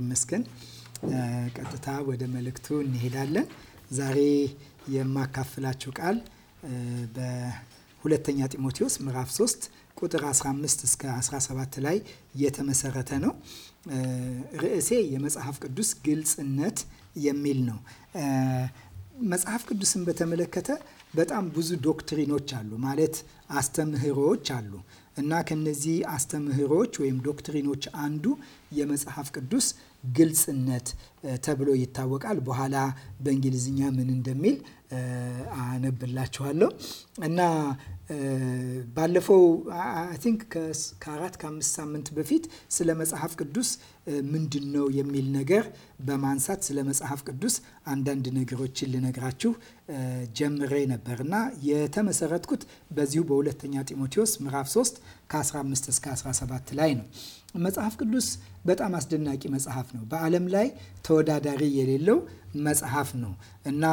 ይመስገን። ቀጥታ ወደ መልእክቱ እንሄዳለን። ዛሬ የማካፍላችሁ ቃል በሁለተኛ ጢሞቴዎስ ምዕራፍ 3 ቁጥር 15 እስከ 17 ላይ የተመሰረተ ነው። ርዕሴ የመጽሐፍ ቅዱስ ግልጽነት የሚል ነው። መጽሐፍ ቅዱስን በተመለከተ በጣም ብዙ ዶክትሪኖች አሉ፣ ማለት አስተምህሮዎች አሉ። እና ከነዚህ አስተምህሮች ወይም ዶክትሪኖች አንዱ የመጽሐፍ ቅዱስ ግልጽነት ተብሎ ይታወቃል። በኋላ በእንግሊዝኛ ምን እንደሚል አነብላችኋለሁ እና ባለፈው አይ ቲንክ ከአራት ከአምስት ሳምንት በፊት ስለ መጽሐፍ ቅዱስ ምንድን ነው የሚል ነገር በማንሳት ስለ መጽሐፍ ቅዱስ አንዳንድ ነገሮችን ልነግራችሁ ጀምሬ ነበር እና የተመሰረትኩት በዚሁ በሁለተኛ ጢሞቴዎስ ምዕራፍ 3 ከ15 እስከ 17 ላይ ነው። መጽሐፍ ቅዱስ በጣም አስደናቂ መጽሐፍ ነው። በዓለም ላይ ተወዳዳሪ የሌለው መጽሐፍ ነው እና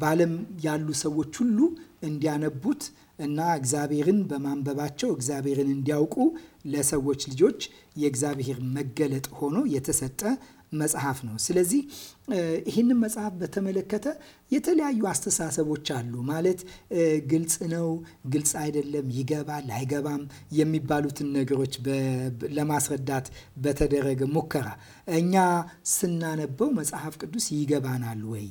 በዓለም ያሉ ሰዎች ሁሉ እንዲያነቡት እና እግዚአብሔርን በማንበባቸው እግዚአብሔርን እንዲያውቁ ለሰዎች ልጆች የእግዚአብሔር መገለጥ ሆኖ የተሰጠ መጽሐፍ ነው። ስለዚህ ይህንን መጽሐፍ በተመለከተ የተለያዩ አስተሳሰቦች አሉ። ማለት ግልጽ ነው፣ ግልጽ አይደለም፣ ይገባል፣ አይገባም የሚባሉትን ነገሮች ለማስረዳት በተደረገ ሙከራ እኛ ስናነበው መጽሐፍ ቅዱስ ይገባናል ወይ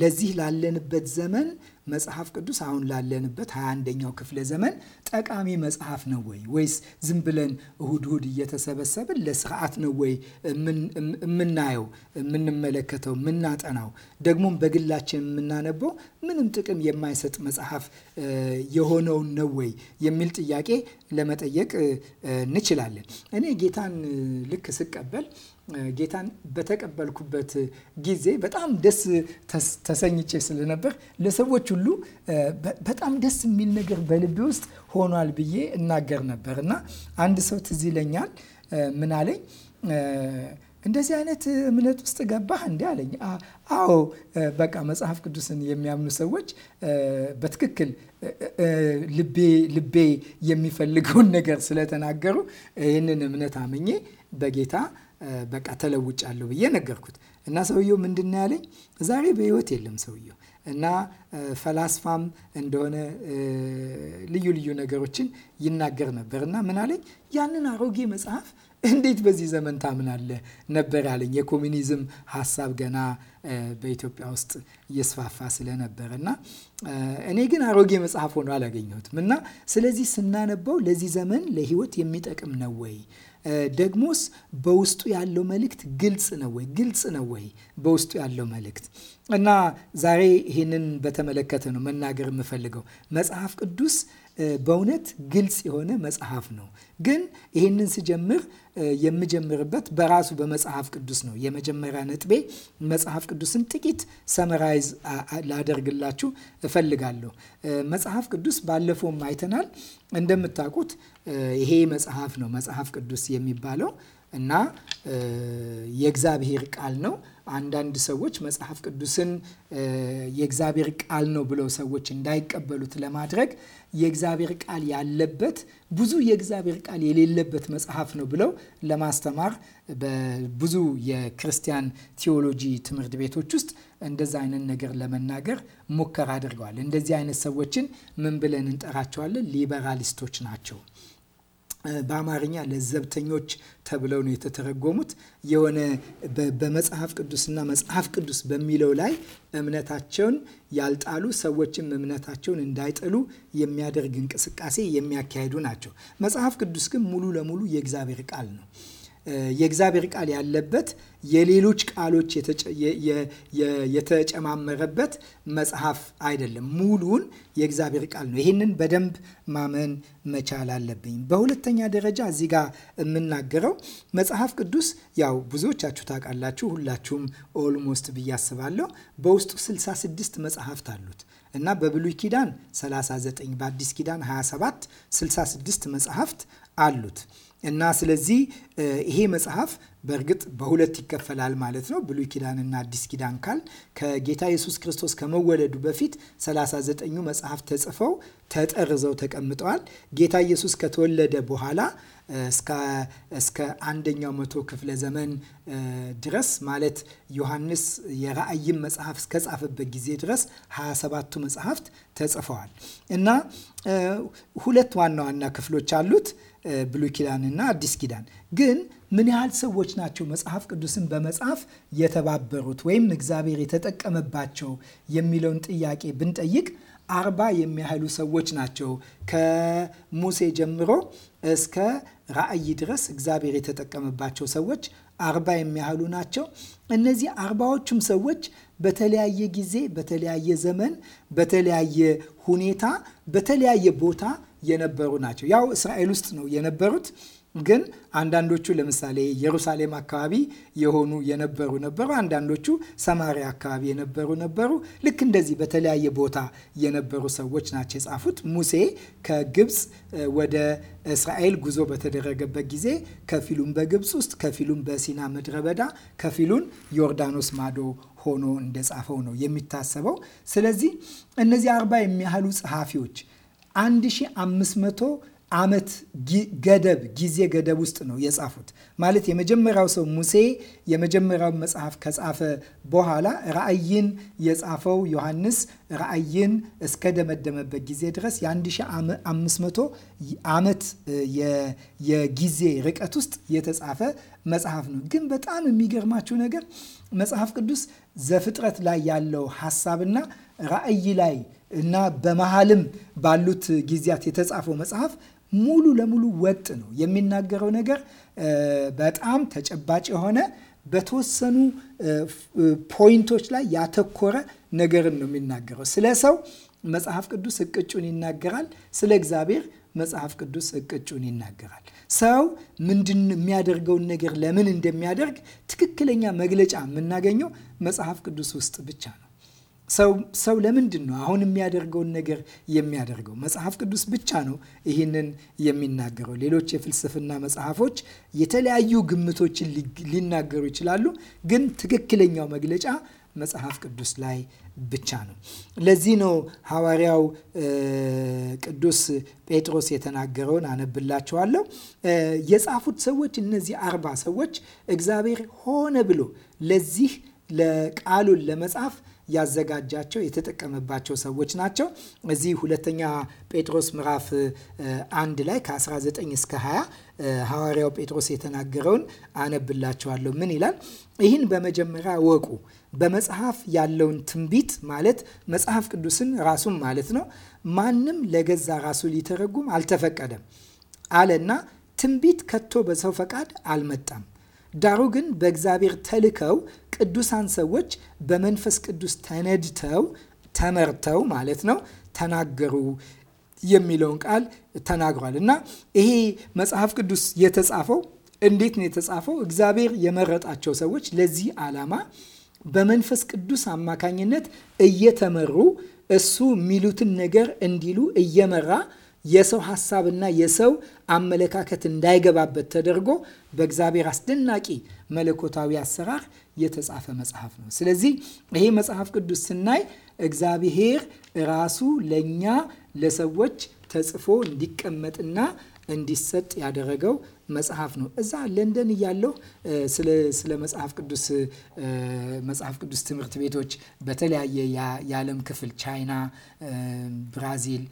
ለዚህ ላለንበት ዘመን መጽሐፍ ቅዱስ አሁን ላለንበት 21ኛው ክፍለ ዘመን ጠቃሚ መጽሐፍ ነው ወይ ወይስ ዝም ብለን እሁድ እሁድ እየተሰበሰብን ለስርዓት ነው ወይ የምናየው የምንመለከተው የምናጠናው ደግሞም በግላችን የምናነበው ምንም ጥቅም የማይሰጥ መጽሐፍ የሆነውን ነው ወይ የሚል ጥያቄ ለመጠየቅ እንችላለን። እኔ ጌታን ልክ ስቀበል ጌታን በተቀበልኩበት ጊዜ በጣም ደስ ተሰኝቼ ስለነበር ለሰዎች ሁሉ በጣም ደስ የሚል ነገር በልቤ ውስጥ ሆኗል ብዬ እናገር ነበር እና አንድ ሰው ትዝ ይለኛል ምን አለኝ እንደዚህ አይነት እምነት ውስጥ ገባህ እንዲ አለኝ። አዎ በቃ መጽሐፍ ቅዱስን የሚያምኑ ሰዎች በትክክል ልቤ ልቤ የሚፈልገውን ነገር ስለተናገሩ ይህንን እምነት አምኜ በጌታ በቃ ተለውጫለሁ ብዬ ነገርኩት እና ሰውየው ምንድን ያለኝ? ዛሬ በህይወት የለም ሰውየው እና ፈላስፋም እንደሆነ ልዩ ልዩ ነገሮችን ይናገር ነበር እና ምን አለኝ? ያንን አሮጌ መጽሐፍ እንዴት በዚህ ዘመን ታምናለህ ነበር ያለኝ። የኮሚኒዝም ሀሳብ ገና በኢትዮጵያ ውስጥ እየስፋፋ ስለነበረ እና እኔ ግን አሮጌ መጽሐፍ ሆኖ አላገኘሁትም እና ስለዚህ ስናነበው ለዚህ ዘመን ለህይወት የሚጠቅም ነው ወይ ደግሞስ በውስጡ ያለው መልእክት ግልጽ ነው ወይ? ግልጽ ነው ወይ በውስጡ ያለው መልእክት? እና ዛሬ ይህንን በተመለከተ ነው መናገር የምፈልገው። መጽሐፍ ቅዱስ በእውነት ግልጽ የሆነ መጽሐፍ ነው። ግን ይህንን ስጀምር የምጀምርበት በራሱ በመጽሐፍ ቅዱስ ነው። የመጀመሪያ ነጥቤ መጽሐፍ ቅዱስን ጥቂት ሰመራይዝ ላደርግላችሁ እፈልጋለሁ። መጽሐፍ ቅዱስ ባለፈውም አይተናል። እንደምታውቁት ይሄ መጽሐፍ ነው መጽሐፍ ቅዱስ የሚባለው እና የእግዚአብሔር ቃል ነው አንዳንድ ሰዎች መጽሐፍ ቅዱስን የእግዚአብሔር ቃል ነው ብለው ሰዎች እንዳይቀበሉት ለማድረግ የእግዚአብሔር ቃል ያለበት ብዙ የእግዚአብሔር ቃል የሌለበት መጽሐፍ ነው ብለው ለማስተማር በብዙ የክርስቲያን ቲዎሎጂ ትምህርት ቤቶች ውስጥ እንደዛ አይነት ነገር ለመናገር ሙከራ አድርገዋል። እንደዚህ አይነት ሰዎችን ምን ብለን እንጠራቸዋለን? ሊበራሊስቶች ናቸው። በአማርኛ ለዘብተኞች ተብለው ነው የተተረጎሙት። የሆነ በመጽሐፍ ቅዱስና መጽሐፍ ቅዱስ በሚለው ላይ እምነታቸውን ያልጣሉ ሰዎችም እምነታቸውን እንዳይጥሉ የሚያደርግ እንቅስቃሴ የሚያካሄዱ ናቸው። መጽሐፍ ቅዱስ ግን ሙሉ ለሙሉ የእግዚአብሔር ቃል ነው። የእግዚአብሔር ቃል ያለበት የሌሎች ቃሎች የተጨማመረበት መጽሐፍ አይደለም። ሙሉውን የእግዚአብሔር ቃል ነው። ይህንን በደንብ ማመን መቻል አለብኝ። በሁለተኛ ደረጃ እዚህ ጋር የምናገረው መጽሐፍ ቅዱስ ያው ብዙዎቻችሁ ታውቃላችሁ፣ ሁላችሁም ኦልሞስት ብዬ አስባለሁ። በውስጡ 66 መጽሐፍት አሉት እና በብሉይ ኪዳን 39 በአዲስ ኪዳን 27 66 መጽሐፍት አሉት እና ስለዚህ ይሄ መጽሐፍ በእርግጥ በሁለት ይከፈላል ማለት ነው። ብሉይ ኪዳንና አዲስ ኪዳን ካል ከጌታ ኢየሱስ ክርስቶስ ከመወለዱ በፊት 39ኙ መጽሐፍ ተጽፈው ተጠርዘው ተቀምጠዋል። ጌታ ኢየሱስ ከተወለደ በኋላ እስከ አንደኛው መቶ ክፍለ ዘመን ድረስ ማለት ዮሐንስ የራእይም መጽሐፍ እስከጻፈበት ጊዜ ድረስ 27ቱ መጽሐፍት ተጽፈዋል እና ሁለት ዋና ዋና ክፍሎች አሉት። ብሉይ ኪዳንና አዲስ ኪዳን ግን ምን ያህል ሰዎች ናቸው መጽሐፍ ቅዱስን በመጽሐፍ የተባበሩት ወይም እግዚአብሔር የተጠቀመባቸው የሚለውን ጥያቄ ብንጠይቅ አርባ የሚያህሉ ሰዎች ናቸው ከሙሴ ጀምሮ እስከ ራእይ ድረስ እግዚአብሔር የተጠቀመባቸው ሰዎች አርባ የሚያህሉ ናቸው። እነዚህ አርባዎቹም ሰዎች በተለያየ ጊዜ፣ በተለያየ ዘመን፣ በተለያየ ሁኔታ፣ በተለያየ ቦታ የነበሩ ናቸው። ያው እስራኤል ውስጥ ነው የነበሩት ግን አንዳንዶቹ ለምሳሌ ኢየሩሳሌም አካባቢ የሆኑ የነበሩ ነበሩ። አንዳንዶቹ ሰማሪያ አካባቢ የነበሩ ነበሩ። ልክ እንደዚህ በተለያየ ቦታ የነበሩ ሰዎች ናቸው የጻፉት። ሙሴ ከግብፅ ወደ እስራኤል ጉዞ በተደረገበት ጊዜ ከፊሉን በግብፅ ውስጥ፣ ከፊሉን በሲና ምድረ በዳ፣ ከፊሉን ዮርዳኖስ ማዶ ሆኖ እንደጻፈው ነው የሚታሰበው። ስለዚህ እነዚህ አርባ የሚያህሉ ጸሐፊዎች 1500 ዓመት ገደብ ጊዜ ገደብ ውስጥ ነው የጻፉት። ማለት የመጀመሪያው ሰው ሙሴ የመጀመሪያው መጽሐፍ ከጻፈ በኋላ ራእይን የጻፈው ዮሐንስ ራእይን እስከ ደመደመበት ጊዜ ድረስ የ1500 ዓመት የጊዜ ርቀት ውስጥ የተጻፈ መጽሐፍ ነው። ግን በጣም የሚገርማችሁ ነገር መጽሐፍ ቅዱስ ዘፍጥረት ላይ ያለው ሀሳብና ራዕይ ላይ እና በመሃልም ባሉት ጊዜያት የተጻፈው መጽሐፍ ሙሉ ለሙሉ ወጥ ነው። የሚናገረው ነገር በጣም ተጨባጭ የሆነ በተወሰኑ ፖይንቶች ላይ ያተኮረ ነገርን ነው የሚናገረው። ስለ ሰው መጽሐፍ ቅዱስ እቅጩን ይናገራል። ስለ እግዚአብሔር መጽሐፍ ቅዱስ እቅጩን ይናገራል። ሰው ምንድን የሚያደርገውን ነገር ለምን እንደሚያደርግ ትክክለኛ መግለጫ የምናገኘው መጽሐፍ ቅዱስ ውስጥ ብቻ ነው። ሰው ለምንድን ነው አሁን የሚያደርገውን ነገር የሚያደርገው? መጽሐፍ ቅዱስ ብቻ ነው ይህንን የሚናገረው። ሌሎች የፍልስፍና መጽሐፎች የተለያዩ ግምቶችን ሊናገሩ ይችላሉ፣ ግን ትክክለኛው መግለጫ መጽሐፍ ቅዱስ ላይ ብቻ ነው። ለዚህ ነው ሐዋርያው ቅዱስ ጴጥሮስ የተናገረውን አነብላችኋለሁ። የጻፉት ሰዎች እነዚህ አርባ ሰዎች እግዚአብሔር ሆነ ብሎ ለዚህ ለቃሉን ለመጻፍ ያዘጋጃቸው የተጠቀመባቸው ሰዎች ናቸው። እዚህ ሁለተኛ ጴጥሮስ ምዕራፍ አንድ ላይ ከ19 እስከ 20 ሐዋርያው ጴጥሮስ የተናገረውን አነብላችኋለሁ። ምን ይላል? ይህን በመጀመሪያ ወቁ በመጽሐፍ ያለውን ትንቢት ማለት መጽሐፍ ቅዱስን ራሱን ማለት ነው። ማንም ለገዛ ራሱ ሊተረጉም አልተፈቀደም አለና ትንቢት ከቶ በሰው ፈቃድ አልመጣም። ዳሩ ግን በእግዚአብሔር ተልከው ቅዱሳን ሰዎች በመንፈስ ቅዱስ ተነድተው ተመርተው ማለት ነው ተናገሩ የሚለውን ቃል ተናግሯል እና ይሄ መጽሐፍ ቅዱስ የተጻፈው እንዴት ነው የተጻፈው? እግዚአብሔር የመረጣቸው ሰዎች ለዚህ ዓላማ በመንፈስ ቅዱስ አማካኝነት እየተመሩ እሱ የሚሉትን ነገር እንዲሉ እየመራ የሰው ሀሳብና የሰው አመለካከት እንዳይገባበት ተደርጎ በእግዚአብሔር አስደናቂ መለኮታዊ አሰራር የተጻፈ መጽሐፍ ነው። ስለዚህ ይሄ መጽሐፍ ቅዱስ ስናይ እግዚአብሔር ራሱ ለእኛ ለሰዎች ተጽፎ እንዲቀመጥና እንዲሰጥ ያደረገው መጽሐፍ ነው። እዛ ለንደን እያለሁ ስለ መጽሐፍ ቅዱስ መጽሐፍ ቅዱስ ትምህርት ቤቶች በተለያየ የዓለም ክፍል ቻይና፣ ብራዚል፣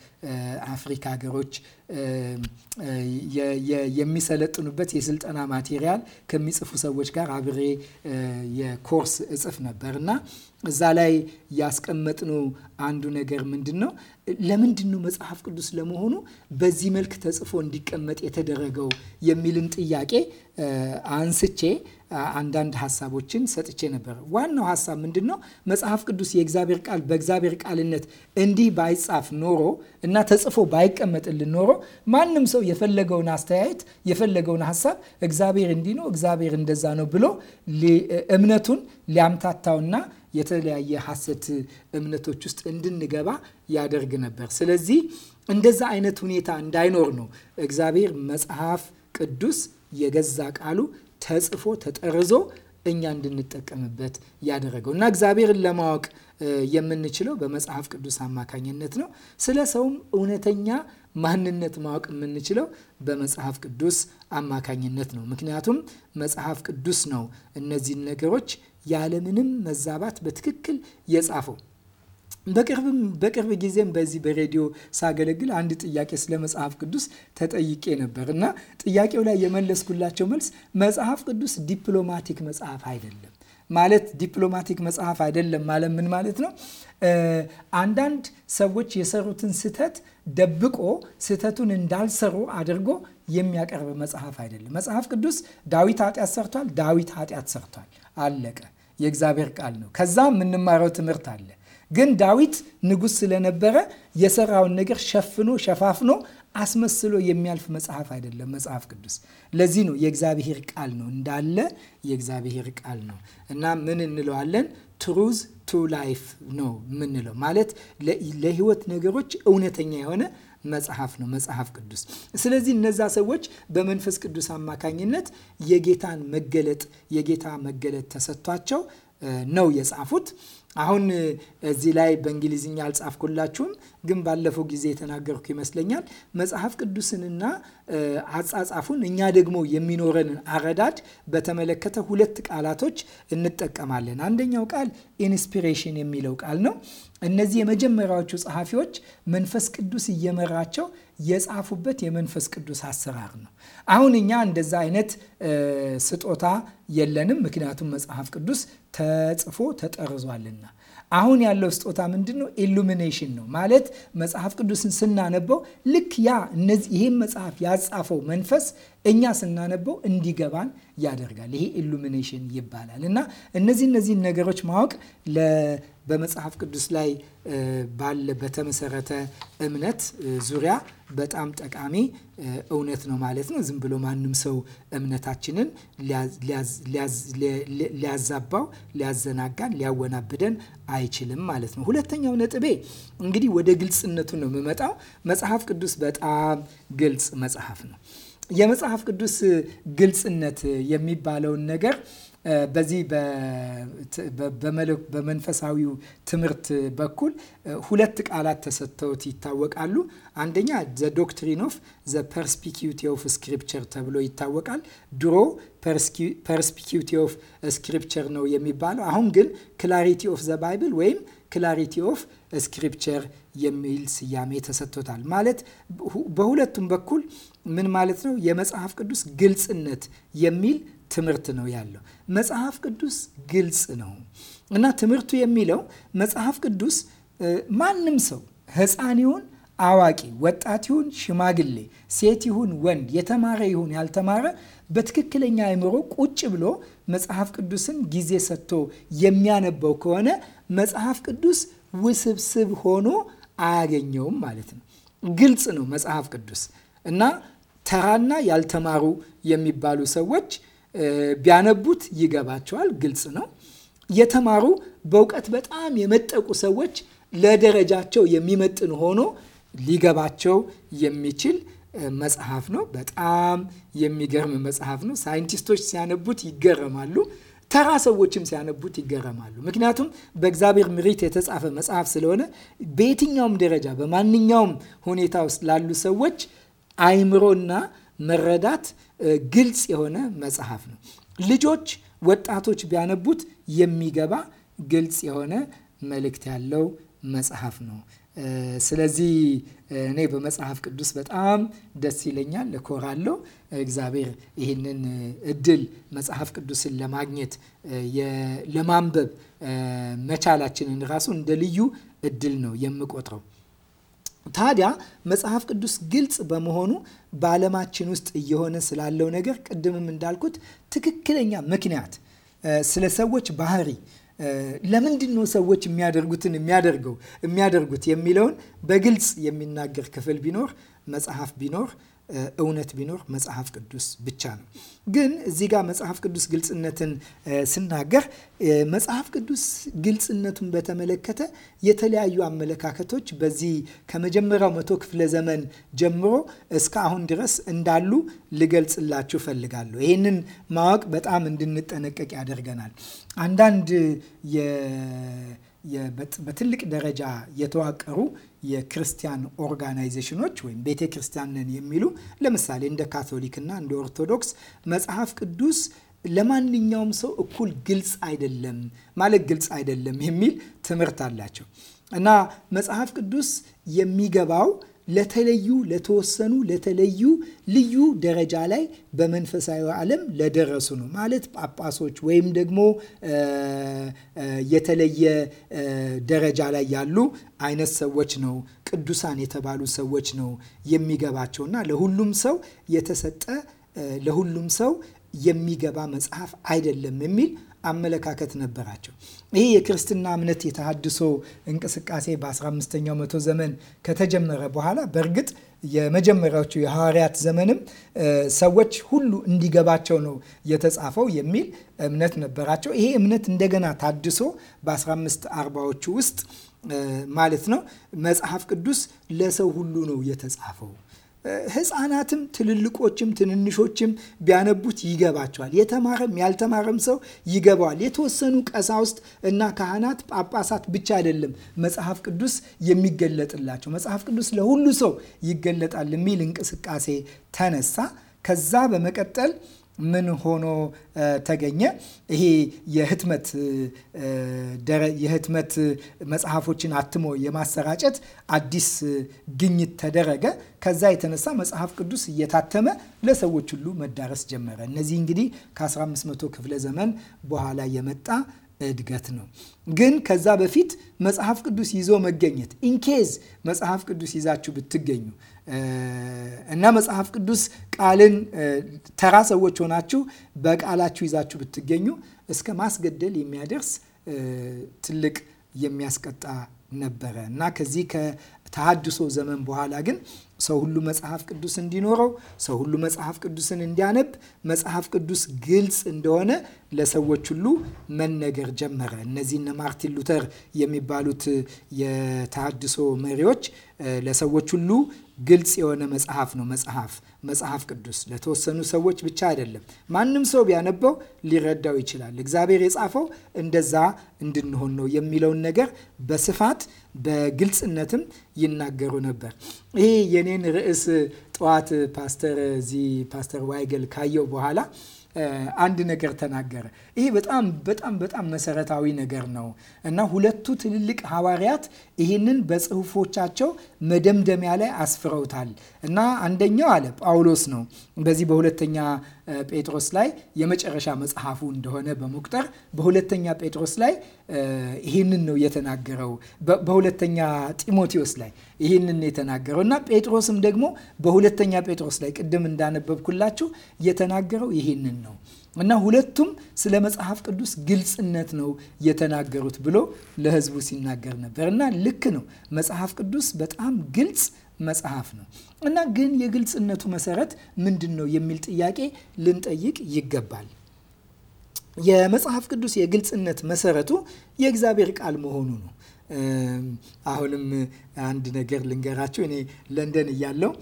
አፍሪካ ሀገሮች የሚሰለጥኑበት የስልጠና ማቴሪያል ከሚጽፉ ሰዎች ጋር አብሬ የኮርስ እጽፍ ነበር እና እዛ ላይ ያስቀመጥነው አንዱ ነገር ምንድን ነው? ለምንድን ነው መጽሐፍ ቅዱስ ለመሆኑ በዚህ መልክ ተጽፎ እንዲቀመጥ የተደረገው የሚልን ጥያቄ አንስቼ አንዳንድ ሀሳቦችን ሰጥቼ ነበር። ዋናው ሀሳብ ምንድን ነው? መጽሐፍ ቅዱስ የእግዚአብሔር ቃል በእግዚአብሔር ቃልነት እንዲህ ባይጻፍ ኖሮ እና ተጽፎ ባይቀመጥልን ኖሮ ማንም ሰው የፈለገውን አስተያየት የፈለገውን ሀሳብ እግዚአብሔር እንዲህ ነው፣ እግዚአብሔር እንደዛ ነው ብሎ እምነቱን ሊያምታታውና የተለያየ ሀሰት እምነቶች ውስጥ እንድንገባ ያደርግ ነበር። ስለዚህ እንደዛ አይነት ሁኔታ እንዳይኖር ነው እግዚአብሔር መጽሐፍ ቅዱስ የገዛ ቃሉ ተጽፎ ተጠርዞ እኛ እንድንጠቀምበት ያደረገው እና እግዚአብሔርን ለማወቅ የምንችለው በመጽሐፍ ቅዱስ አማካኝነት ነው። ስለ ሰውም እውነተኛ ማንነት ማወቅ የምንችለው በመጽሐፍ ቅዱስ አማካኝነት ነው። ምክንያቱም መጽሐፍ ቅዱስ ነው እነዚህን ነገሮች ያለምንም መዛባት በትክክል የጻፈው። በቅርብም በቅርብ ጊዜም በዚህ በሬዲዮ ሳገለግል አንድ ጥያቄ ስለ መጽሐፍ ቅዱስ ተጠይቄ ነበር እና ጥያቄው ላይ የመለስኩላቸው መልስ መጽሐፍ ቅዱስ ዲፕሎማቲክ መጽሐፍ አይደለም ማለት ዲፕሎማቲክ መጽሐፍ አይደለም ማለት ምን ማለት ነው? አንዳንድ ሰዎች የሰሩትን ስህተት ደብቆ ስህተቱን እንዳልሰሩ አድርጎ የሚያቀርብ መጽሐፍ አይደለም። መጽሐፍ ቅዱስ ዳዊት ኃጢአት ሰርቷል፣ ዳዊት ኃጢአት ሰርቷል፣ አለቀ። የእግዚአብሔር ቃል ነው። ከዛ የምንማረው ትምህርት አለ ግን ዳዊት ንጉሥ ስለነበረ የሰራውን ነገር ሸፍኖ ሸፋፍኖ አስመስሎ የሚያልፍ መጽሐፍ አይደለም መጽሐፍ ቅዱስ። ለዚህ ነው የእግዚአብሔር ቃል ነው እንዳለ የእግዚአብሔር ቃል ነው እና ምን እንለዋለን? ትሩዝ ቱ ላይፍ ነው የምንለው ማለት ለህይወት ነገሮች እውነተኛ የሆነ መጽሐፍ ነው መጽሐፍ ቅዱስ። ስለዚህ እነዛ ሰዎች በመንፈስ ቅዱስ አማካኝነት የጌታን መገለጥ የጌታ መገለጥ ተሰጥቷቸው ነው የጻፉት። አሁን እዚህ ላይ በእንግሊዝኛ አልጻፍኩላችሁም፣ ግን ባለፈው ጊዜ የተናገርኩ ይመስለኛል። መጽሐፍ ቅዱስንና አጻጻፉን እኛ ደግሞ የሚኖረንን አረዳድ በተመለከተ ሁለት ቃላቶች እንጠቀማለን። አንደኛው ቃል ኢንስፒሬሽን የሚለው ቃል ነው። እነዚህ የመጀመሪያዎቹ ጸሐፊዎች መንፈስ ቅዱስ እየመራቸው የጻፉበት የመንፈስ ቅዱስ አሰራር ነው። አሁን እኛ እንደዛ አይነት ስጦታ የለንም፣ ምክንያቱም መጽሐፍ ቅዱስ ተጽፎ ተጠርዟልና። አሁን ያለው ስጦታ ምንድን ነው? ኢሉሚኔሽን ነው ማለት መጽሐፍ ቅዱስን ስናነበው ልክ ያ እነዚህ ይህም መጽሐፍ ያጻፈው መንፈስ እኛ ስናነበው እንዲገባን ያደርጋል። ይሄ ኢሉሚኔሽን ይባላል እና እነዚህ እነዚህን ነገሮች ማወቅ በመጽሐፍ ቅዱስ ላይ ባለ በተመሰረተ እምነት ዙሪያ በጣም ጠቃሚ እውነት ነው ማለት ነው። ዝም ብሎ ማንም ሰው እምነታችንን ሊያዛባው፣ ሊያዘናጋን፣ ሊያወናብደን አይችልም ማለት ነው። ሁለተኛው ነጥቤ እንግዲህ ወደ ግልጽነቱ ነው የምመጣው። መጽሐፍ ቅዱስ በጣም ግልጽ መጽሐፍ ነው። የመጽሐፍ ቅዱስ ግልጽነት የሚባለውን ነገር በዚህ በመንፈሳዊው ትምህርት በኩል ሁለት ቃላት ተሰጥተውት ይታወቃሉ። አንደኛ ዘ ዶክትሪን ኦፍ ዘ ፐርስፒኪዩቲ ኦፍ ስክሪፕቸር ተብሎ ይታወቃል። ድሮ ፐርስፒኪዩቲ ኦፍ ስክሪፕቸር ነው የሚባለው። አሁን ግን ክላሪቲ ኦፍ ዘ ባይብል ወይም ክላሪቲ ኦፍ ስክሪፕቸር የሚል ስያሜ ተሰጥቶታል። ማለት በሁለቱም በኩል ምን ማለት ነው? የመጽሐፍ ቅዱስ ግልጽነት የሚል ትምህርት ነው ያለው። መጽሐፍ ቅዱስ ግልጽ ነው እና ትምህርቱ የሚለው መጽሐፍ ቅዱስ ማንም ሰው ሕፃን ይሁን አዋቂ፣ ወጣት ይሁን ሽማግሌ፣ ሴት ይሁን ወንድ፣ የተማረ ይሁን ያልተማረ በትክክለኛ አይምሮ ቁጭ ብሎ መጽሐፍ ቅዱስን ጊዜ ሰጥቶ የሚያነበው ከሆነ መጽሐፍ ቅዱስ ውስብስብ ሆኖ አያገኘውም ማለት ነው። ግልጽ ነው መጽሐፍ ቅዱስ እና ተራና ያልተማሩ የሚባሉ ሰዎች ቢያነቡት ይገባቸዋል። ግልጽ ነው። የተማሩ በእውቀት በጣም የመጠቁ ሰዎች ለደረጃቸው የሚመጥን ሆኖ ሊገባቸው የሚችል መጽሐፍ ነው። በጣም የሚገርም መጽሐፍ ነው። ሳይንቲስቶች ሲያነቡት ይገረማሉ። ተራ ሰዎችም ሲያነቡት ይገረማሉ። ምክንያቱም በእግዚአብሔር ምሪት የተጻፈ መጽሐፍ ስለሆነ በየትኛውም ደረጃ በማንኛውም ሁኔታ ውስጥ ላሉ ሰዎች አይምሮና መረዳት ግልጽ የሆነ መጽሐፍ ነው። ልጆች፣ ወጣቶች ቢያነቡት የሚገባ ግልጽ የሆነ መልእክት ያለው መጽሐፍ ነው ስለዚህ እኔ በመጽሐፍ ቅዱስ በጣም ደስ ይለኛል፣ እኮራለሁ። እግዚአብሔር ይህንን እድል መጽሐፍ ቅዱስን ለማግኘት ለማንበብ መቻላችንን ራሱ እንደ ልዩ እድል ነው የምቆጥረው። ታዲያ መጽሐፍ ቅዱስ ግልጽ በመሆኑ በዓለማችን ውስጥ እየሆነ ስላለው ነገር ቅድምም እንዳልኩት ትክክለኛ ምክንያት ስለ ሰዎች ባህሪ ለምንድን ነው ሰዎች የሚያደርጉትን የሚያደርገው የሚያደርጉት የሚለውን በግልጽ የሚናገር ክፍል ቢኖር መጽሐፍ ቢኖር እውነት ቢኖር መጽሐፍ ቅዱስ ብቻ ነው። ግን እዚህ ጋር መጽሐፍ ቅዱስ ግልጽነትን ስናገር መጽሐፍ ቅዱስ ግልጽነቱን በተመለከተ የተለያዩ አመለካከቶች በዚህ ከመጀመሪያው መቶ ክፍለ ዘመን ጀምሮ እስከ አሁን ድረስ እንዳሉ ልገልጽላችሁ ፈልጋለሁ። ይህንን ማወቅ በጣም እንድንጠነቀቅ ያደርገናል። አንዳንድ በትልቅ ደረጃ የተዋቀሩ የክርስቲያን ኦርጋናይዜሽኖች ወይም ቤተ ክርስቲያንን የሚሉ ለምሳሌ እንደ ካቶሊክና እንደ ኦርቶዶክስ መጽሐፍ ቅዱስ ለማንኛውም ሰው እኩል ግልጽ አይደለም ማለት ግልጽ አይደለም የሚል ትምህርት አላቸው እና መጽሐፍ ቅዱስ የሚገባው ለተለዩ ለተወሰኑ ለተለዩ ልዩ ደረጃ ላይ በመንፈሳዊ ዓለም ለደረሱ ነው ማለት ጳጳሶች ወይም ደግሞ የተለየ ደረጃ ላይ ያሉ አይነት ሰዎች ነው ቅዱሳን የተባሉ ሰዎች ነው የሚገባቸውና ለሁሉም ሰው የተሰጠ ለሁሉም ሰው የሚገባ መጽሐፍ አይደለም የሚል አመለካከት ነበራቸው። ይህ የክርስትና እምነት የተሃድሶ እንቅስቃሴ በ15ኛው መቶ ዘመን ከተጀመረ በኋላ በእርግጥ የመጀመሪያዎቹ የሐዋርያት ዘመንም ሰዎች ሁሉ እንዲገባቸው ነው የተጻፈው የሚል እምነት ነበራቸው። ይሄ እምነት እንደገና ታድሶ በ1540ዎቹ ውስጥ ማለት ነው መጽሐፍ ቅዱስ ለሰው ሁሉ ነው የተጻፈው ህፃናትም ትልልቆችም ትንንሾችም ቢያነቡት ይገባቸዋል። የተማረም ያልተማረም ሰው ይገባዋል። የተወሰኑ ቀሳውስት እና ካህናት፣ ጳጳሳት ብቻ አይደለም መጽሐፍ ቅዱስ የሚገለጥላቸው። መጽሐፍ ቅዱስ ለሁሉ ሰው ይገለጣል የሚል እንቅስቃሴ ተነሳ። ከዛ በመቀጠል ምን ሆኖ ተገኘ? ይሄ የህትመት የህትመት መጽሐፎችን አትሞ የማሰራጨት አዲስ ግኝት ተደረገ። ከዛ የተነሳ መጽሐፍ ቅዱስ እየታተመ ለሰዎች ሁሉ መዳረስ ጀመረ። እነዚህ እንግዲህ ከ1500 ክፍለ ዘመን በኋላ የመጣ እድገት ነው። ግን ከዛ በፊት መጽሐፍ ቅዱስ ይዞ መገኘት ኢንኬዝ መጽሐፍ ቅዱስ ይዛችሁ ብትገኙ እና መጽሐፍ ቅዱስ ቃልን ተራ ሰዎች ሆናችሁ በቃላችሁ ይዛችሁ ብትገኙ እስከ ማስገደል የሚያደርስ ትልቅ የሚያስቀጣ ነበረ እና ከዚህ ከተሃድሶ ዘመን በኋላ ግን ሰው ሁሉ መጽሐፍ ቅዱስ እንዲኖረው፣ ሰው ሁሉ መጽሐፍ ቅዱስን እንዲያነብ፣ መጽሐፍ ቅዱስ ግልጽ እንደሆነ ለሰዎች ሁሉ መነገር ጀመረ። እነዚህ ማርቲን ሉተር የሚባሉት የተሃድሶ መሪዎች ለሰዎች ሁሉ ግልጽ የሆነ መጽሐፍ ነው። መጽሐፍ መጽሐፍ ቅዱስ ለተወሰኑ ሰዎች ብቻ አይደለም። ማንም ሰው ቢያነበው ሊረዳው ይችላል። እግዚአብሔር የጻፈው እንደዛ እንድንሆን ነው የሚለውን ነገር በስፋት በግልጽነትም ይናገሩ ነበር። ይሄ የኔን ርዕስ ጠዋት ፓስተር እዚህ ፓስተር ዋይገል ካየው በኋላ አንድ ነገር ተናገረ። ይሄ በጣም በጣም በጣም መሰረታዊ ነገር ነው እና ሁለቱ ትልልቅ ሐዋርያት ይህንን በጽሁፎቻቸው መደምደሚያ ላይ አስፍረውታል እና አንደኛው አለ ጳውሎስ ነው በዚህ በሁለተኛ ጴጥሮስ ላይ የመጨረሻ መጽሐፉ እንደሆነ በመቁጠር በሁለተኛ ጴጥሮስ ላይ ይህንን ነው የተናገረው። በሁለተኛ ጢሞቴዎስ ላይ ይህንን የተናገረው እና ጴጥሮስም ደግሞ በሁለተኛ ጴጥሮስ ላይ ቅድም እንዳነበብኩላችሁ የተናገረው ይህንን ነው። እና ሁለቱም ስለ መጽሐፍ ቅዱስ ግልጽነት ነው የተናገሩት ብሎ ለህዝቡ ሲናገር ነበር። እና ልክ ነው መጽሐፍ ቅዱስ በጣም ግልጽ መጽሐፍ ነው። እና ግን የግልጽነቱ መሰረት ምንድን ነው የሚል ጥያቄ ልንጠይቅ ይገባል። የመጽሐፍ ቅዱስ የግልጽነት መሰረቱ የእግዚአብሔር ቃል መሆኑ ነው። አሁንም አንድ ነገር ልንገራችሁ። እኔ ለንደን እያለው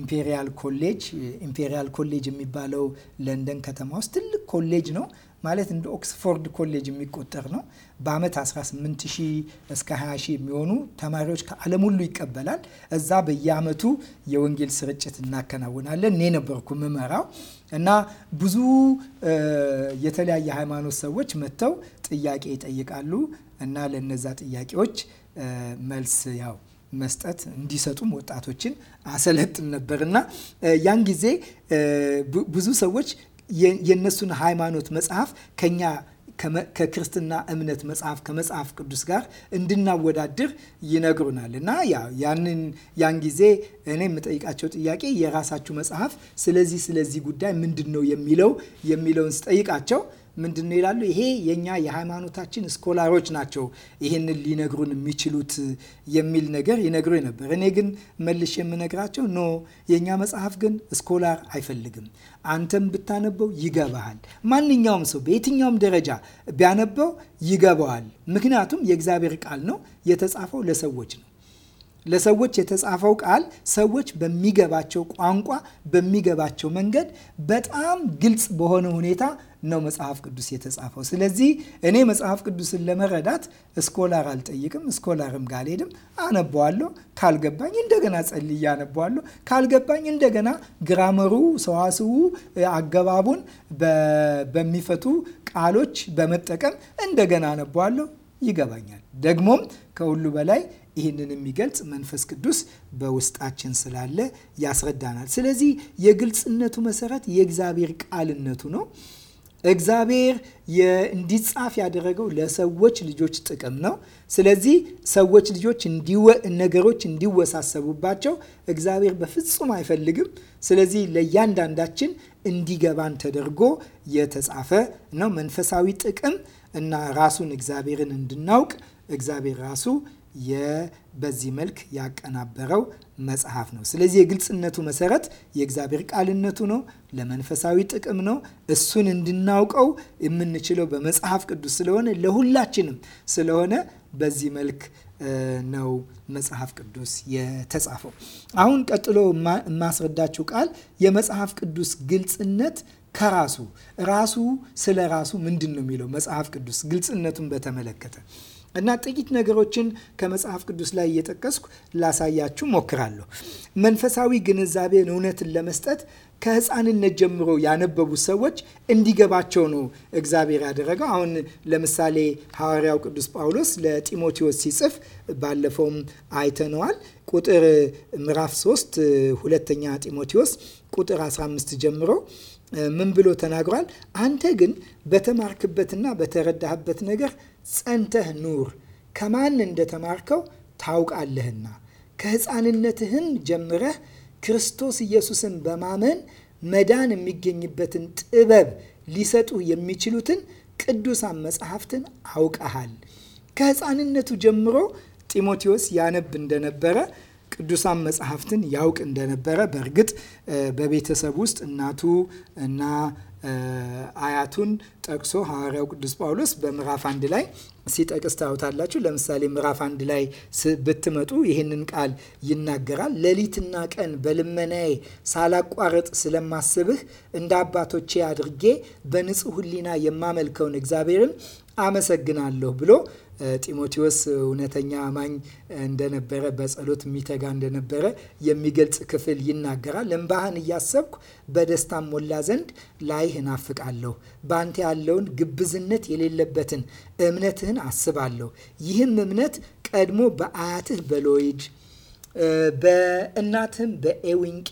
ኢምፔሪያል ኮሌጅ ኢምፔሪያል ኮሌጅ የሚባለው ለንደን ከተማ ውስጥ ትልቅ ኮሌጅ ነው። ማለት እንደ ኦክስፎርድ ኮሌጅ የሚቆጠር ነው። በአመት 18000 እስከ 20000 የሚሆኑ ተማሪዎች ከዓለም ሁሉ ይቀበላል። እዛ በየአመቱ የወንጌል ስርጭት እናከናውናለን። እኔ ነበርኩ ምመራው እና ብዙ የተለያየ ሃይማኖት ሰዎች መጥተው ጥያቄ ይጠይቃሉ እና ለነዛ ጥያቄዎች መልስ ያው መስጠት እንዲሰጡም ወጣቶችን አሰለጥን ነበር እና ያን ጊዜ ብዙ ሰዎች የእነሱን ሃይማኖት መጽሐፍ ከኛ ከክርስትና እምነት መጽሐፍ ከመጽሐፍ ቅዱስ ጋር እንድናወዳድር ይነግሩናል እና ያንን ያን ጊዜ እኔ የምጠይቃቸው ጥያቄ የራሳችሁ መጽሐፍ ስለዚህ ስለዚህ ጉዳይ ምንድን ነው የሚለው የሚለውን ስጠይቃቸው ምንድን ነው ይላሉ? ይሄ የእኛ የሃይማኖታችን ስኮላሮች ናቸው ይህንን ሊነግሩን የሚችሉት የሚል ነገር ይነግሩ ነበር። እኔ ግን መልሽ የምነግራቸው ኖ የእኛ መጽሐፍ ግን ስኮላር አይፈልግም። አንተም ብታነበው ይገባሃል። ማንኛውም ሰው በየትኛውም ደረጃ ቢያነበው ይገባዋል። ምክንያቱም የእግዚአብሔር ቃል ነው፣ የተጻፈው ለሰዎች ነው። ለሰዎች የተጻፈው ቃል ሰዎች በሚገባቸው ቋንቋ በሚገባቸው መንገድ በጣም ግልጽ በሆነ ሁኔታ ነው መጽሐፍ ቅዱስ የተጻፈው። ስለዚህ እኔ መጽሐፍ ቅዱስን ለመረዳት ስኮላር አልጠይቅም፣ ስኮላርም ጋር አልሄድም። ካልገባኝ እንደገና ጸልዬ አነባዋለሁ፣ ካልገባኝ እንደገና ግራመሩ፣ ሰዋስው፣ አገባቡን በሚፈቱ ቃሎች በመጠቀም እንደገና አነቧዋለሁ ይገባኛል። ደግሞም ከሁሉ በላይ ይህንን የሚገልጽ መንፈስ ቅዱስ በውስጣችን ስላለ ያስረዳናል። ስለዚህ የግልጽነቱ መሰረት የእግዚአብሔር ቃልነቱ ነው። እግዚአብሔር እንዲጻፍ ያደረገው ለሰዎች ልጆች ጥቅም ነው። ስለዚህ ሰዎች ልጆች ነገሮች እንዲወሳሰቡባቸው እግዚአብሔር በፍጹም አይፈልግም። ስለዚህ ለእያንዳንዳችን እንዲገባን ተደርጎ የተጻፈ ነው። መንፈሳዊ ጥቅም እና ራሱን እግዚአብሔርን እንድናውቅ እግዚአብሔር ራሱ በዚህ መልክ ያቀናበረው መጽሐፍ ነው። ስለዚህ የግልጽነቱ መሰረት የእግዚአብሔር ቃልነቱ ነው። ለመንፈሳዊ ጥቅም ነው። እሱን እንድናውቀው የምንችለው በመጽሐፍ ቅዱስ ስለሆነ ለሁላችንም ስለሆነ በዚህ መልክ ነው መጽሐፍ ቅዱስ የተጻፈው። አሁን ቀጥሎ የማስረዳችው ቃል የመጽሐፍ ቅዱስ ግልጽነት ከራሱ ራሱ ስለ ራሱ ምንድን ነው የሚለው መጽሐፍ ቅዱስ ግልጽነቱን በተመለከተ እና ጥቂት ነገሮችን ከመጽሐፍ ቅዱስ ላይ እየጠቀስኩ ላሳያችሁ ሞክራለሁ። መንፈሳዊ ግንዛቤን እውነትን ለመስጠት ከህፃንነት ጀምሮ ያነበቡ ሰዎች እንዲገባቸው ነው እግዚአብሔር ያደረገው። አሁን ለምሳሌ ሐዋርያው ቅዱስ ጳውሎስ ለጢሞቴዎስ ሲጽፍ ባለፈውም አይተነዋል። ቁጥር ምዕራፍ 3 ሁለተኛ ጢሞቴዎስ ቁጥር 15 ጀምሮ ምን ብሎ ተናግሯል? አንተ ግን በተማርክበትና በተረዳህበት ነገር ጸንተህ ኑር፣ ከማን እንደተማርከው ታውቃለህና ከሕፃንነትህም ጀምረህ ክርስቶስ ኢየሱስን በማመን መዳን የሚገኝበትን ጥበብ ሊሰጡ የሚችሉትን ቅዱሳን መጽሐፍትን አውቀሃል። ከሕፃንነቱ ጀምሮ ጢሞቴዎስ ያነብ እንደነበረ ቅዱሳን መጽሐፍትን ያውቅ እንደነበረ በእርግጥ በቤተሰብ ውስጥ እናቱ እና አያቱን ጠቅሶ ሐዋርያው ቅዱስ ጳውሎስ በምዕራፍ አንድ ላይ ሲጠቅስ ታውታላችሁ ለምሳሌ ምዕራፍ አንድ ላይ ብትመጡ ይህንን ቃል ይናገራል። ሌሊትና ቀን በልመናዬ ሳላቋረጥ ስለማስብህ እንደ አባቶቼ አድርጌ በንጹህ ሕሊና የማመልከውን እግዚአብሔርን አመሰግናለሁ ብሎ ጢሞቴዎስ እውነተኛ አማኝ እንደነበረ በጸሎት የሚተጋ እንደነበረ የሚገልጽ ክፍል ይናገራል። እምባህን እያሰብኩ በደስታ ሞላ ዘንድ ላይህ እናፍቃለሁ። በአንተ ያለውን ግብዝነት የሌለበትን እምነትህን አስባለሁ። ይህም እምነት ቀድሞ በአያትህ በሎይድ በእናትህም በኤዊንቄ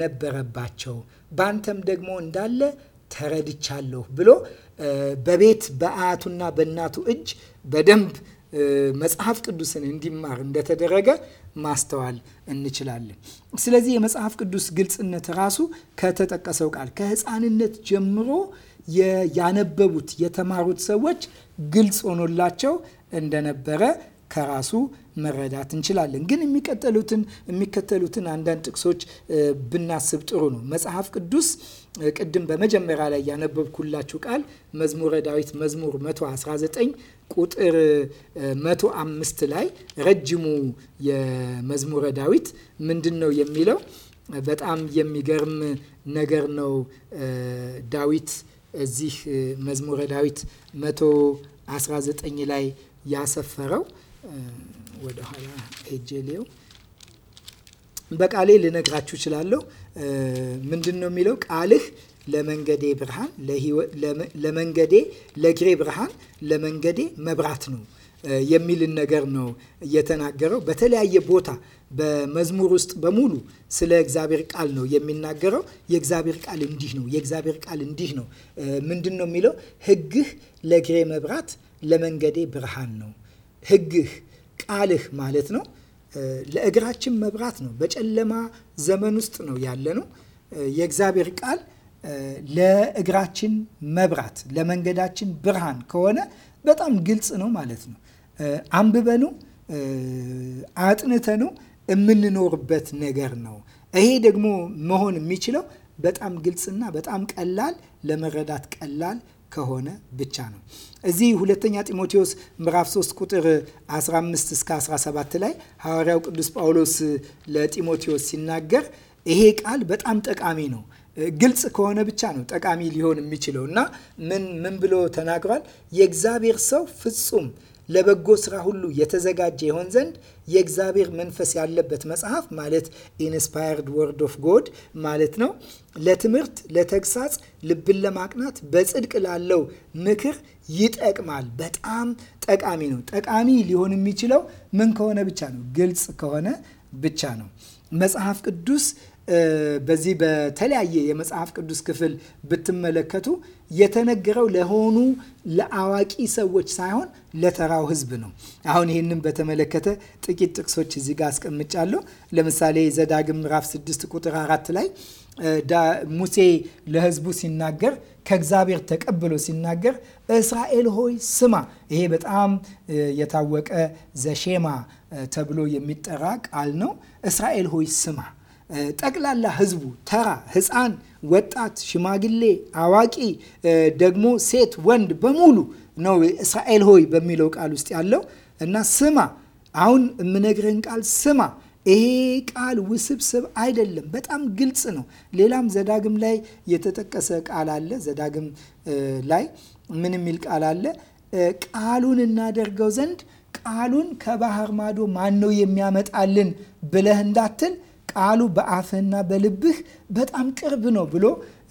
ነበረባቸው፣ በአንተም ደግሞ እንዳለ ተረድቻለሁ ብሎ በቤት በአያቱና በእናቱ እጅ በደንብ መጽሐፍ ቅዱስን እንዲማር እንደተደረገ ማስተዋል እንችላለን። ስለዚህ የመጽሐፍ ቅዱስ ግልጽነት ራሱ ከተጠቀሰው ቃል ከህፃንነት ጀምሮ ያነበቡት የተማሩት ሰዎች ግልጽ ሆኖላቸው እንደነበረ ከራሱ መረዳት እንችላለን። ግን የሚከተሉትን አንዳንድ ጥቅሶች ብናስብ ጥሩ ነው። መጽሐፍ ቅዱስ ቅድም በመጀመሪያ ላይ ያነበብኩላችሁ ቃል መዝሙረ ዳዊት መዝሙር 119 ቁጥር 105 ላይ ረጅሙ የመዝሙረ ዳዊት ምንድን ነው የሚለው? በጣም የሚገርም ነገር ነው። ዳዊት እዚህ መዝሙረ ዳዊት 119 ላይ ያሰፈረው ወደኋላ ሄጄ ሌው በቃሌ ልነግራችሁ እችላለሁ። ምንድን ነው የሚለው? ቃልህ ለመንገዴ ብርሃን፣ ለመንገዴ ለግሬ ብርሃን፣ ለመንገዴ መብራት ነው የሚልን ነገር ነው የተናገረው። በተለያየ ቦታ በመዝሙር ውስጥ በሙሉ ስለ እግዚአብሔር ቃል ነው የሚናገረው። የእግዚአብሔር ቃል እንዲህ ነው፣ የእግዚአብሔር ቃል እንዲህ ነው። ምንድን ነው የሚለው? ሕግህ ለግሬ መብራት፣ ለመንገዴ ብርሃን ነው። ሕግህ ቃልህ ማለት ነው ለእግራችን መብራት ነው። በጨለማ ዘመን ውስጥ ነው ያለ ነው የእግዚአብሔር ቃል ለእግራችን መብራት፣ ለመንገዳችን ብርሃን ከሆነ በጣም ግልጽ ነው ማለት ነው። አንብበኑ አጥንተኑ የምንኖርበት ነገር ነው። ይሄ ደግሞ መሆን የሚችለው በጣም ግልጽና በጣም ቀላል ለመረዳት ቀላል ከሆነ ብቻ ነው። እዚህ ሁለተኛ ጢሞቴዎስ ምዕራፍ 3 ቁጥር 15 እስከ 17 ላይ ሐዋርያው ቅዱስ ጳውሎስ ለጢሞቴዎስ ሲናገር ይሄ ቃል በጣም ጠቃሚ ነው። ግልጽ ከሆነ ብቻ ነው ጠቃሚ ሊሆን የሚችለው እና ምን ምን ብሎ ተናግሯል? የእግዚአብሔር ሰው ፍጹም ለበጎ ስራ ሁሉ የተዘጋጀ ይሆን ዘንድ የእግዚአብሔር መንፈስ ያለበት መጽሐፍ ማለት ኢንስፓየርድ ወርድ ኦፍ ጎድ ማለት ነው። ለትምህርት፣ ለተግሳጽ፣ ልብን ለማቅናት በጽድቅ ላለው ምክር ይጠቅማል። በጣም ጠቃሚ ነው። ጠቃሚ ሊሆን የሚችለው ምን ከሆነ ብቻ ነው? ግልጽ ከሆነ ብቻ ነው። መጽሐፍ ቅዱስ በዚህ በተለያየ የመጽሐፍ ቅዱስ ክፍል ብትመለከቱ የተነገረው ለሆኑ ለአዋቂ ሰዎች ሳይሆን ለተራው ሕዝብ ነው። አሁን ይህንም በተመለከተ ጥቂት ጥቅሶች እዚህ ጋር አስቀምጫለሁ። ለምሳሌ ዘዳግም ምዕራፍ 6 ቁጥር 4 ላይ ሙሴ ለሕዝቡ ሲናገር ከእግዚአብሔር ተቀብሎ ሲናገር እስራኤል ሆይ ስማ። ይሄ በጣም የታወቀ ዘሼማ ተብሎ የሚጠራ ቃል ነው። እስራኤል ሆይ ስማ ጠቅላላ ህዝቡ ተራ ህፃን፣ ወጣት፣ ሽማግሌ፣ አዋቂ ደግሞ ሴት፣ ወንድ በሙሉ ነው እስራኤል ሆይ በሚለው ቃል ውስጥ ያለው እና ስማ አሁን የምነግረን ቃል ስማ። ይሄ ቃል ውስብስብ አይደለም፣ በጣም ግልጽ ነው። ሌላም ዘዳግም ላይ የተጠቀሰ ቃል አለ። ዘዳግም ላይ ምን የሚል ቃል አለ? ቃሉን እናደርገው ዘንድ ቃሉን ከባህር ማዶ ማን ነው የሚያመጣልን ብለህ እንዳትል ቃሉ በአፍህና በልብህ በጣም ቅርብ ነው ብሎ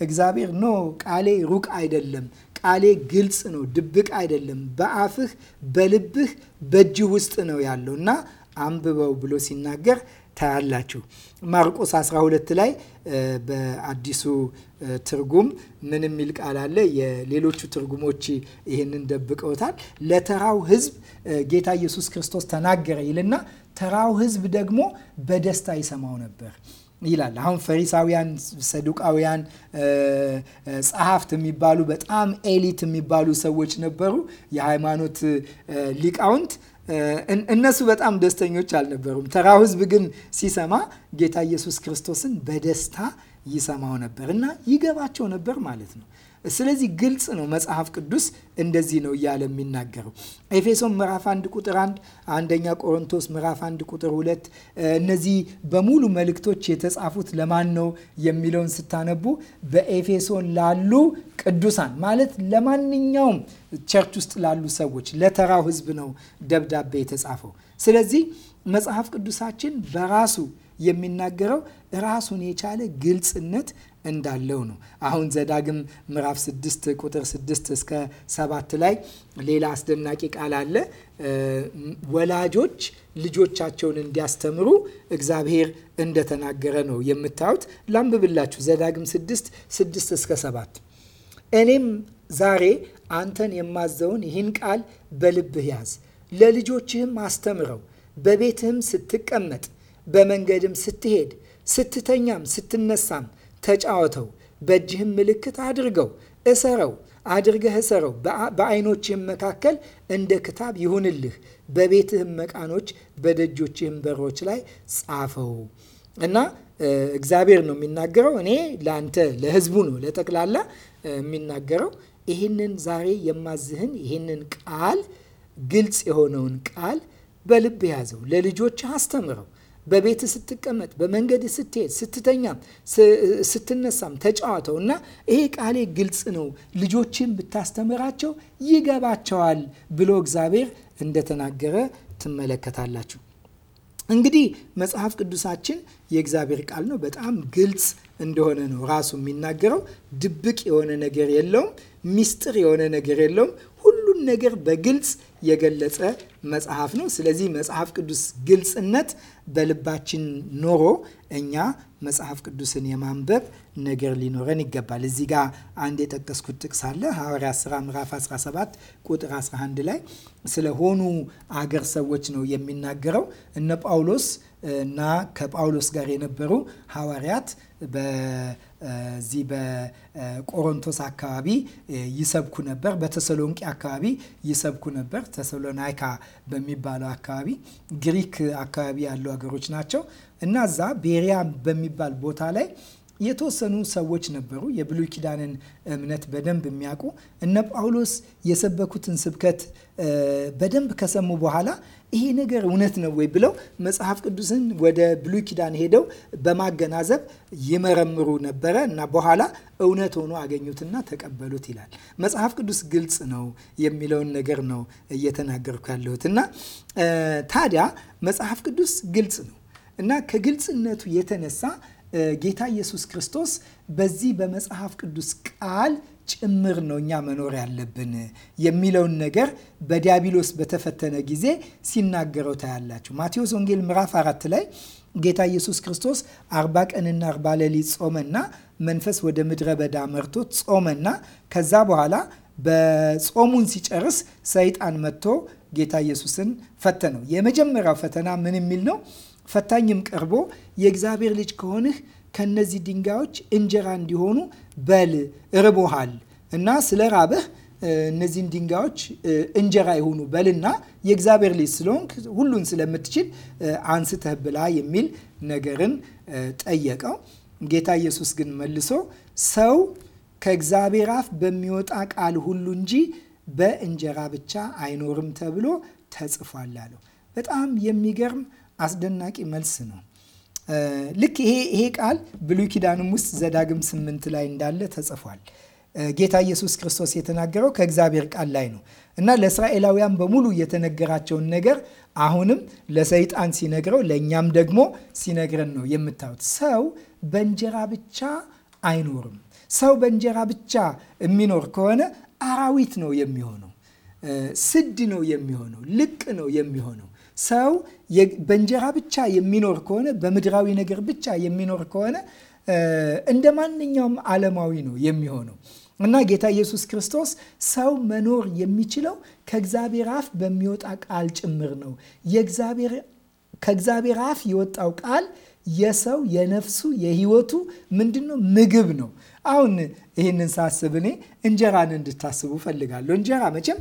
እግዚአብሔር ኖ ቃሌ ሩቅ አይደለም፣ ቃሌ ግልጽ ነው፣ ድብቅ አይደለም፣ በአፍህ በልብህ በእጅህ ውስጥ ነው ያለው እና አንብበው ብሎ ሲናገር ታያላችሁ። ማርቆስ 12 ላይ በአዲሱ ትርጉም ምን የሚል ቃል አለ? የሌሎቹ ትርጉሞች ይህንን ደብቀውታል። ለተራው ሕዝብ ጌታ ኢየሱስ ክርስቶስ ተናገረ ይልና ተራው ህዝብ ደግሞ በደስታ ይሰማው ነበር ይላል። አሁን ፈሪሳውያን፣ ሰዱቃውያን፣ ጸሐፍት የሚባሉ በጣም ኤሊት የሚባሉ ሰዎች ነበሩ፣ የሃይማኖት ሊቃውንት። እነሱ በጣም ደስተኞች አልነበሩም። ተራው ህዝብ ግን ሲሰማ ጌታ ኢየሱስ ክርስቶስን በደስታ ይሰማው ነበር እና ይገባቸው ነበር ማለት ነው። ስለዚህ ግልጽ ነው። መጽሐፍ ቅዱስ እንደዚህ ነው እያለ የሚናገረው ኤፌሶን ምዕራፍ 1 ቁጥር 1፣ አንደኛ ቆሮንቶስ ምዕራፍ 1 ቁጥር 2 እነዚህ በሙሉ መልእክቶች የተጻፉት ለማን ነው የሚለውን ስታነቡ በኤፌሶን ላሉ ቅዱሳን ማለት ለማንኛውም ቸርች ውስጥ ላሉ ሰዎች ለተራው ህዝብ ነው ደብዳቤ የተጻፈው። ስለዚህ መጽሐፍ ቅዱሳችን በራሱ የሚናገረው ራሱን የቻለ ግልጽነት እንዳለው ነው። አሁን ዘዳግም ምዕራፍ 6 ቁጥር 6 እስከ 7 ላይ ሌላ አስደናቂ ቃል አለ። ወላጆች ልጆቻቸውን እንዲያስተምሩ እግዚአብሔር እንደተናገረ ነው የምታዩት። ላንብብላችሁ። ዘዳግም 6 6 እስከ 7 እኔም ዛሬ አንተን የማዘውን ይህን ቃል በልብህ ያዝ፣ ለልጆችህም አስተምረው፣ በቤትህም ስትቀመጥ፣ በመንገድም ስትሄድ፣ ስትተኛም፣ ስትነሳም ተጫወተው፣ በእጅህም ምልክት አድርገው፣ እሰረው አድርገህ እሰረው፣ በዓይኖችህም መካከል እንደ ክታብ ይሁንልህ፣ በቤትህም መቃኖች በደጆችህም በሮች ላይ ጻፈው። እና እግዚአብሔር ነው የሚናገረው። እኔ ለአንተ ለህዝቡ ነው ለጠቅላላ የሚናገረው። ይህንን ዛሬ የማዝህን ይህንን ቃል ግልጽ የሆነውን ቃል በልብ ያዘው፣ ለልጆች አስተምረው በቤት ስትቀመጥ፣ በመንገድ ስትሄድ፣ ስትተኛም፣ ስትነሳም ተጫዋተው እና ይሄ ቃሌ ግልጽ ነው፣ ልጆችን ብታስተምራቸው ይገባቸዋል ብሎ እግዚአብሔር እንደተናገረ ትመለከታላችሁ። እንግዲህ መጽሐፍ ቅዱሳችን የእግዚአብሔር ቃል ነው። በጣም ግልጽ እንደሆነ ነው ራሱ የሚናገረው። ድብቅ የሆነ ነገር የለውም። ሚስጥር የሆነ ነገር የለውም። ሁሉን ነገር በግልጽ የገለጸ መጽሐፍ ነው። ስለዚህ መጽሐፍ ቅዱስ ግልጽነት በልባችን ኖሮ እኛ መጽሐፍ ቅዱስን የማንበብ ነገር ሊኖረን ይገባል። እዚህ ጋር አንድ የጠቀስኩት ጥቅስ አለ። ሐዋርያት ሥራ ምዕራፍ 17 ቁጥር 11 ላይ ስለሆኑ አገር ሰዎች ነው የሚናገረው። እነ ጳውሎስ እና ከጳውሎስ ጋር የነበሩ ሐዋርያት በዚህ በቆሮንቶስ አካባቢ ይሰብኩ ነበር። በተሰሎንቄ አካባቢ ይሰብኩ ነበር። ተሰሎናይካ በሚባለው አካባቢ ግሪክ አካባቢ ያሉ ሀገሮች ናቸው እና እዛ ቤሪያ በሚባል ቦታ ላይ የተወሰኑ ሰዎች ነበሩ የብሉይ ኪዳንን እምነት በደንብ የሚያውቁ እነ ጳውሎስ የሰበኩትን ስብከት በደንብ ከሰሙ በኋላ ይሄ ነገር እውነት ነው ወይ ብለው መጽሐፍ ቅዱስን ወደ ብሉይ ኪዳን ሄደው በማገናዘብ ይመረምሩ ነበረ እና በኋላ እውነት ሆኖ አገኙትና ተቀበሉት ይላል መጽሐፍ ቅዱስ። ግልጽ ነው የሚለውን ነገር ነው እየተናገርኩ ያለሁት እና ታዲያ መጽሐፍ ቅዱስ ግልጽ ነው እና ከግልጽነቱ የተነሳ ጌታ ኢየሱስ ክርስቶስ በዚህ በመጽሐፍ ቅዱስ ቃል ጭምር ነው እኛ መኖር ያለብን የሚለውን ነገር በዲያብሎስ በተፈተነ ጊዜ ሲናገረው ታያላችሁ። ማቴዎስ ወንጌል ምዕራፍ አራት ላይ ጌታ ኢየሱስ ክርስቶስ አርባ ቀንና አርባ ሌሊት ጾመና መንፈስ ወደ ምድረ በዳ መርቶ ጾመና ከዛ በኋላ በጾሙን ሲጨርስ ሰይጣን መጥቶ ጌታ ኢየሱስን ፈተነው። የመጀመሪያው ፈተና ምን የሚል ነው? ፈታኝም ቀርቦ የእግዚአብሔር ልጅ ከሆንህ ከነዚህ ድንጋዮች እንጀራ እንዲሆኑ በል ርቦሃል እና ስለ ራበህ እነዚህን ድንጋዮች እንጀራ የሆኑ በልና የእግዚአብሔር ልጅ ስለሆንክ ሁሉን ስለምትችል አንስተህ ብላ የሚል ነገርን ጠየቀው። ጌታ ኢየሱስ ግን መልሶ ሰው ከእግዚአብሔር አፍ በሚወጣ ቃል ሁሉ እንጂ በእንጀራ ብቻ አይኖርም ተብሎ ተጽፏል አለው። በጣም የሚገርም አስደናቂ መልስ ነው። ልክ ይሄ ቃል ብሉይ ኪዳንም ውስጥ ዘዳግም ስምንት ላይ እንዳለ ተጽፏል። ጌታ ኢየሱስ ክርስቶስ የተናገረው ከእግዚአብሔር ቃል ላይ ነው እና ለእስራኤላውያን በሙሉ የተነገራቸውን ነገር አሁንም ለሰይጣን ሲነግረው ለእኛም ደግሞ ሲነግረን ነው የምታዩት። ሰው በእንጀራ ብቻ አይኖርም። ሰው በእንጀራ ብቻ የሚኖር ከሆነ አራዊት ነው የሚሆነው፣ ስድ ነው የሚሆነው፣ ልቅ ነው የሚሆነው ሰው በእንጀራ ብቻ የሚኖር ከሆነ በምድራዊ ነገር ብቻ የሚኖር ከሆነ እንደ ማንኛውም ዓለማዊ ነው የሚሆነው እና ጌታ ኢየሱስ ክርስቶስ ሰው መኖር የሚችለው ከእግዚአብሔር አፍ በሚወጣ ቃል ጭምር ነው። ከእግዚአብሔር አፍ የወጣው ቃል የሰው የነፍሱ የህይወቱ ምንድን ነው? ምግብ ነው። አሁን ይህንን ሳስብ እኔ እንጀራን እንድታስቡ ፈልጋለሁ። እንጀራ መቼም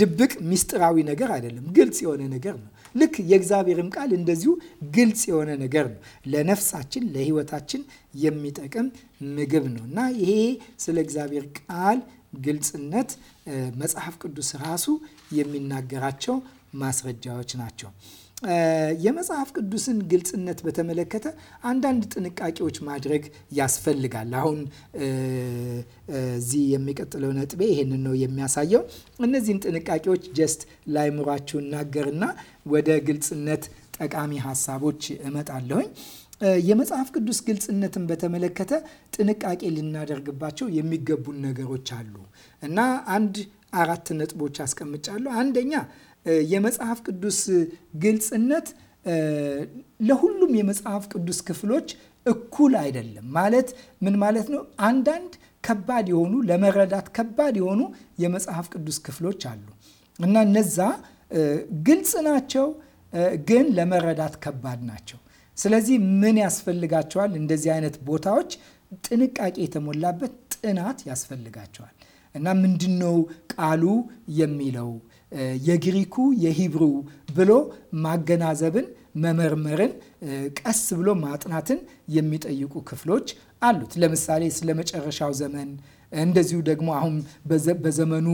ድብቅ ሚስጥራዊ ነገር አይደለም፣ ግልጽ የሆነ ነገር ነው። ልክ የእግዚአብሔርም ቃል እንደዚሁ ግልጽ የሆነ ነገር ነው። ለነፍሳችን ለህይወታችን የሚጠቅም ምግብ ነው እና ይሄ ስለ እግዚአብሔር ቃል ግልጽነት መጽሐፍ ቅዱስ ራሱ የሚናገራቸው ማስረጃዎች ናቸው። የመጽሐፍ ቅዱስን ግልጽነት በተመለከተ አንዳንድ ጥንቃቄዎች ማድረግ ያስፈልጋል። አሁን እዚህ የሚቀጥለው ነጥቤ ይሄንን ነው የሚያሳየው። እነዚህን ጥንቃቄዎች ጀስት ላይምሯችሁ እናገርና ወደ ግልጽነት ጠቃሚ ሀሳቦች እመጣለሁኝ። የመጽሐፍ ቅዱስ ግልጽነትን በተመለከተ ጥንቃቄ ልናደርግባቸው የሚገቡን ነገሮች አሉ እና አንድ አራት ነጥቦች አስቀምጫለሁ። አንደኛ የመጽሐፍ ቅዱስ ግልጽነት ለሁሉም የመጽሐፍ ቅዱስ ክፍሎች እኩል አይደለም። ማለት ምን ማለት ነው? አንዳንድ ከባድ የሆኑ ለመረዳት ከባድ የሆኑ የመጽሐፍ ቅዱስ ክፍሎች አሉ እና እነዛ ግልጽ ናቸው፣ ግን ለመረዳት ከባድ ናቸው። ስለዚህ ምን ያስፈልጋቸዋል? እንደዚህ አይነት ቦታዎች ጥንቃቄ የተሞላበት ጥናት ያስፈልጋቸዋል እና ምንድን ነው ቃሉ የሚለው የግሪኩ የሂብሩ ብሎ ማገናዘብን መመርመርን ቀስ ብሎ ማጥናትን የሚጠይቁ ክፍሎች አሉት። ለምሳሌ ስለ መጨረሻው ዘመን እንደዚሁ ደግሞ አሁን በዘመኑ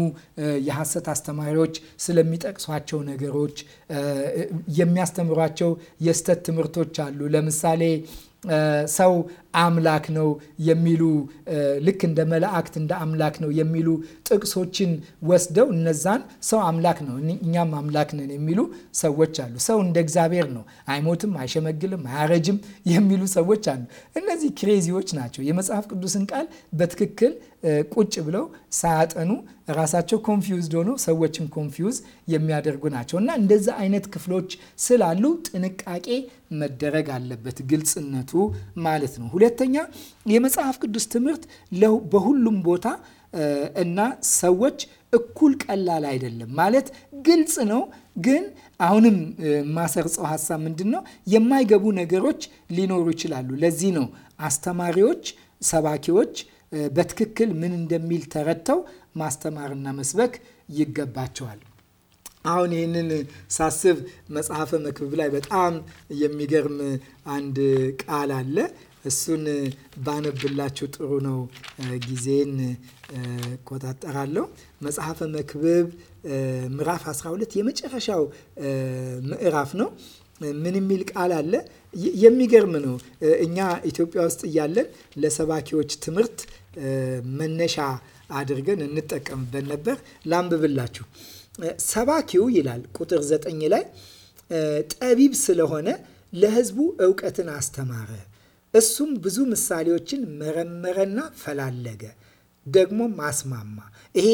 የሐሰት አስተማሪዎች ስለሚጠቅሷቸው ነገሮች የሚያስተምሯቸው የስተት ትምህርቶች አሉ። ለምሳሌ ሰው አምላክ ነው የሚሉ ልክ እንደ መላእክት እንደ አምላክ ነው የሚሉ ጥቅሶችን ወስደው እነዛን ሰው አምላክ ነው እኛም አምላክ ነን የሚሉ ሰዎች አሉ። ሰው እንደ እግዚአብሔር ነው፣ አይሞትም፣ አይሸመግልም፣ አያረጅም የሚሉ ሰዎች አሉ። እነዚህ ክሬዚዎች ናቸው። የመጽሐፍ ቅዱስን ቃል በትክክል ቁጭ ብለው ሳያጠኑ ራሳቸው ኮንፊውዝድ ሆኖ ሰዎችን ኮንፊውዝ የሚያደርጉ ናቸው እና እንደዛ አይነት ክፍሎች ስላሉ ጥንቃቄ መደረግ አለበት፣ ግልጽነቱ ማለት ነው። ሁለተኛ የመጽሐፍ ቅዱስ ትምህርት በሁሉም ቦታ እና ሰዎች እኩል ቀላል አይደለም ማለት ግልጽ ነው። ግን አሁንም ማሰርጸው ሀሳብ ምንድን ነው? የማይገቡ ነገሮች ሊኖሩ ይችላሉ። ለዚህ ነው አስተማሪዎች፣ ሰባኪዎች በትክክል ምን እንደሚል ተረድተው ማስተማርና መስበክ ይገባቸዋል። አሁን ይህንን ሳስብ መጽሐፈ መክብብ ላይ በጣም የሚገርም አንድ ቃል አለ። እሱን ባነብላችሁ ጥሩ ነው፣ ጊዜን እቆጣጠራለሁ። መጽሐፈ መክብብ ምዕራፍ 12 የመጨረሻው ምዕራፍ ነው። ምን የሚል ቃል አለ? የሚገርም ነው። እኛ ኢትዮጵያ ውስጥ እያለን ለሰባኪዎች ትምህርት መነሻ አድርገን እንጠቀምበት ነበር። ላንብብላችሁ። ሰባኪው ይላል ቁጥር ዘጠኝ ላይ ጠቢብ ስለሆነ ለሕዝቡ እውቀትን አስተማረ። እሱም ብዙ ምሳሌዎችን መረመረና ፈላለገ ደግሞ ማስማማ። ይሄ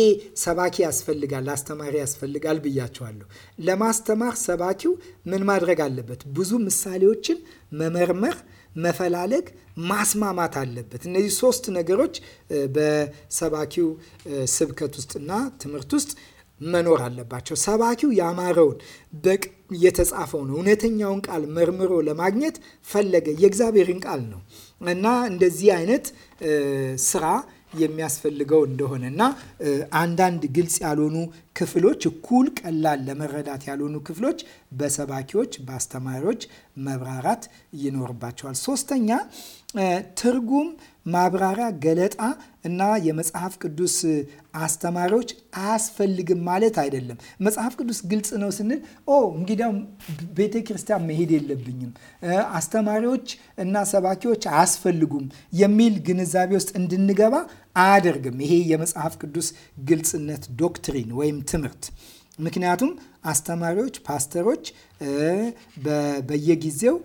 ሰባኪ ያስፈልጋል፣ አስተማሪ ያስፈልጋል ብያቸዋለሁ። ለማስተማር ሰባኪው ምን ማድረግ አለበት? ብዙ ምሳሌዎችን መመርመር፣ መፈላለግ፣ ማስማማት አለበት። እነዚህ ሶስት ነገሮች በሰባኪው ስብከት ውስጥና ትምህርት ውስጥ መኖር አለባቸው። ሰባኪው ያማረውን የተጻፈውን እውነተኛውን ቃል መርምሮ ለማግኘት ፈለገ። የእግዚአብሔርን ቃል ነው እና እንደዚህ አይነት ስራ የሚያስፈልገው እንደሆነ እና አንዳንድ ግልጽ ያልሆኑ ክፍሎች እኩል ቀላል ለመረዳት ያልሆኑ ክፍሎች በሰባኪዎች በአስተማሪዎች መብራራት ይኖርባቸዋል። ሶስተኛ ትርጉም ማብራሪያ፣ ገለጣ እና የመጽሐፍ ቅዱስ አስተማሪዎች አያስፈልግም ማለት አይደለም። መጽሐፍ ቅዱስ ግልጽ ነው ስንል ኦ እንግዲያውም ቤተ ክርስቲያን መሄድ የለብኝም አስተማሪዎች እና ሰባኪዎች አያስፈልጉም የሚል ግንዛቤ ውስጥ እንድንገባ አያደርግም። ይሄ የመጽሐፍ ቅዱስ ግልጽነት ዶክትሪን ወይም ትምህርት ምክንያቱም አስተማሪዎች፣ ፓስተሮች በየጊዜው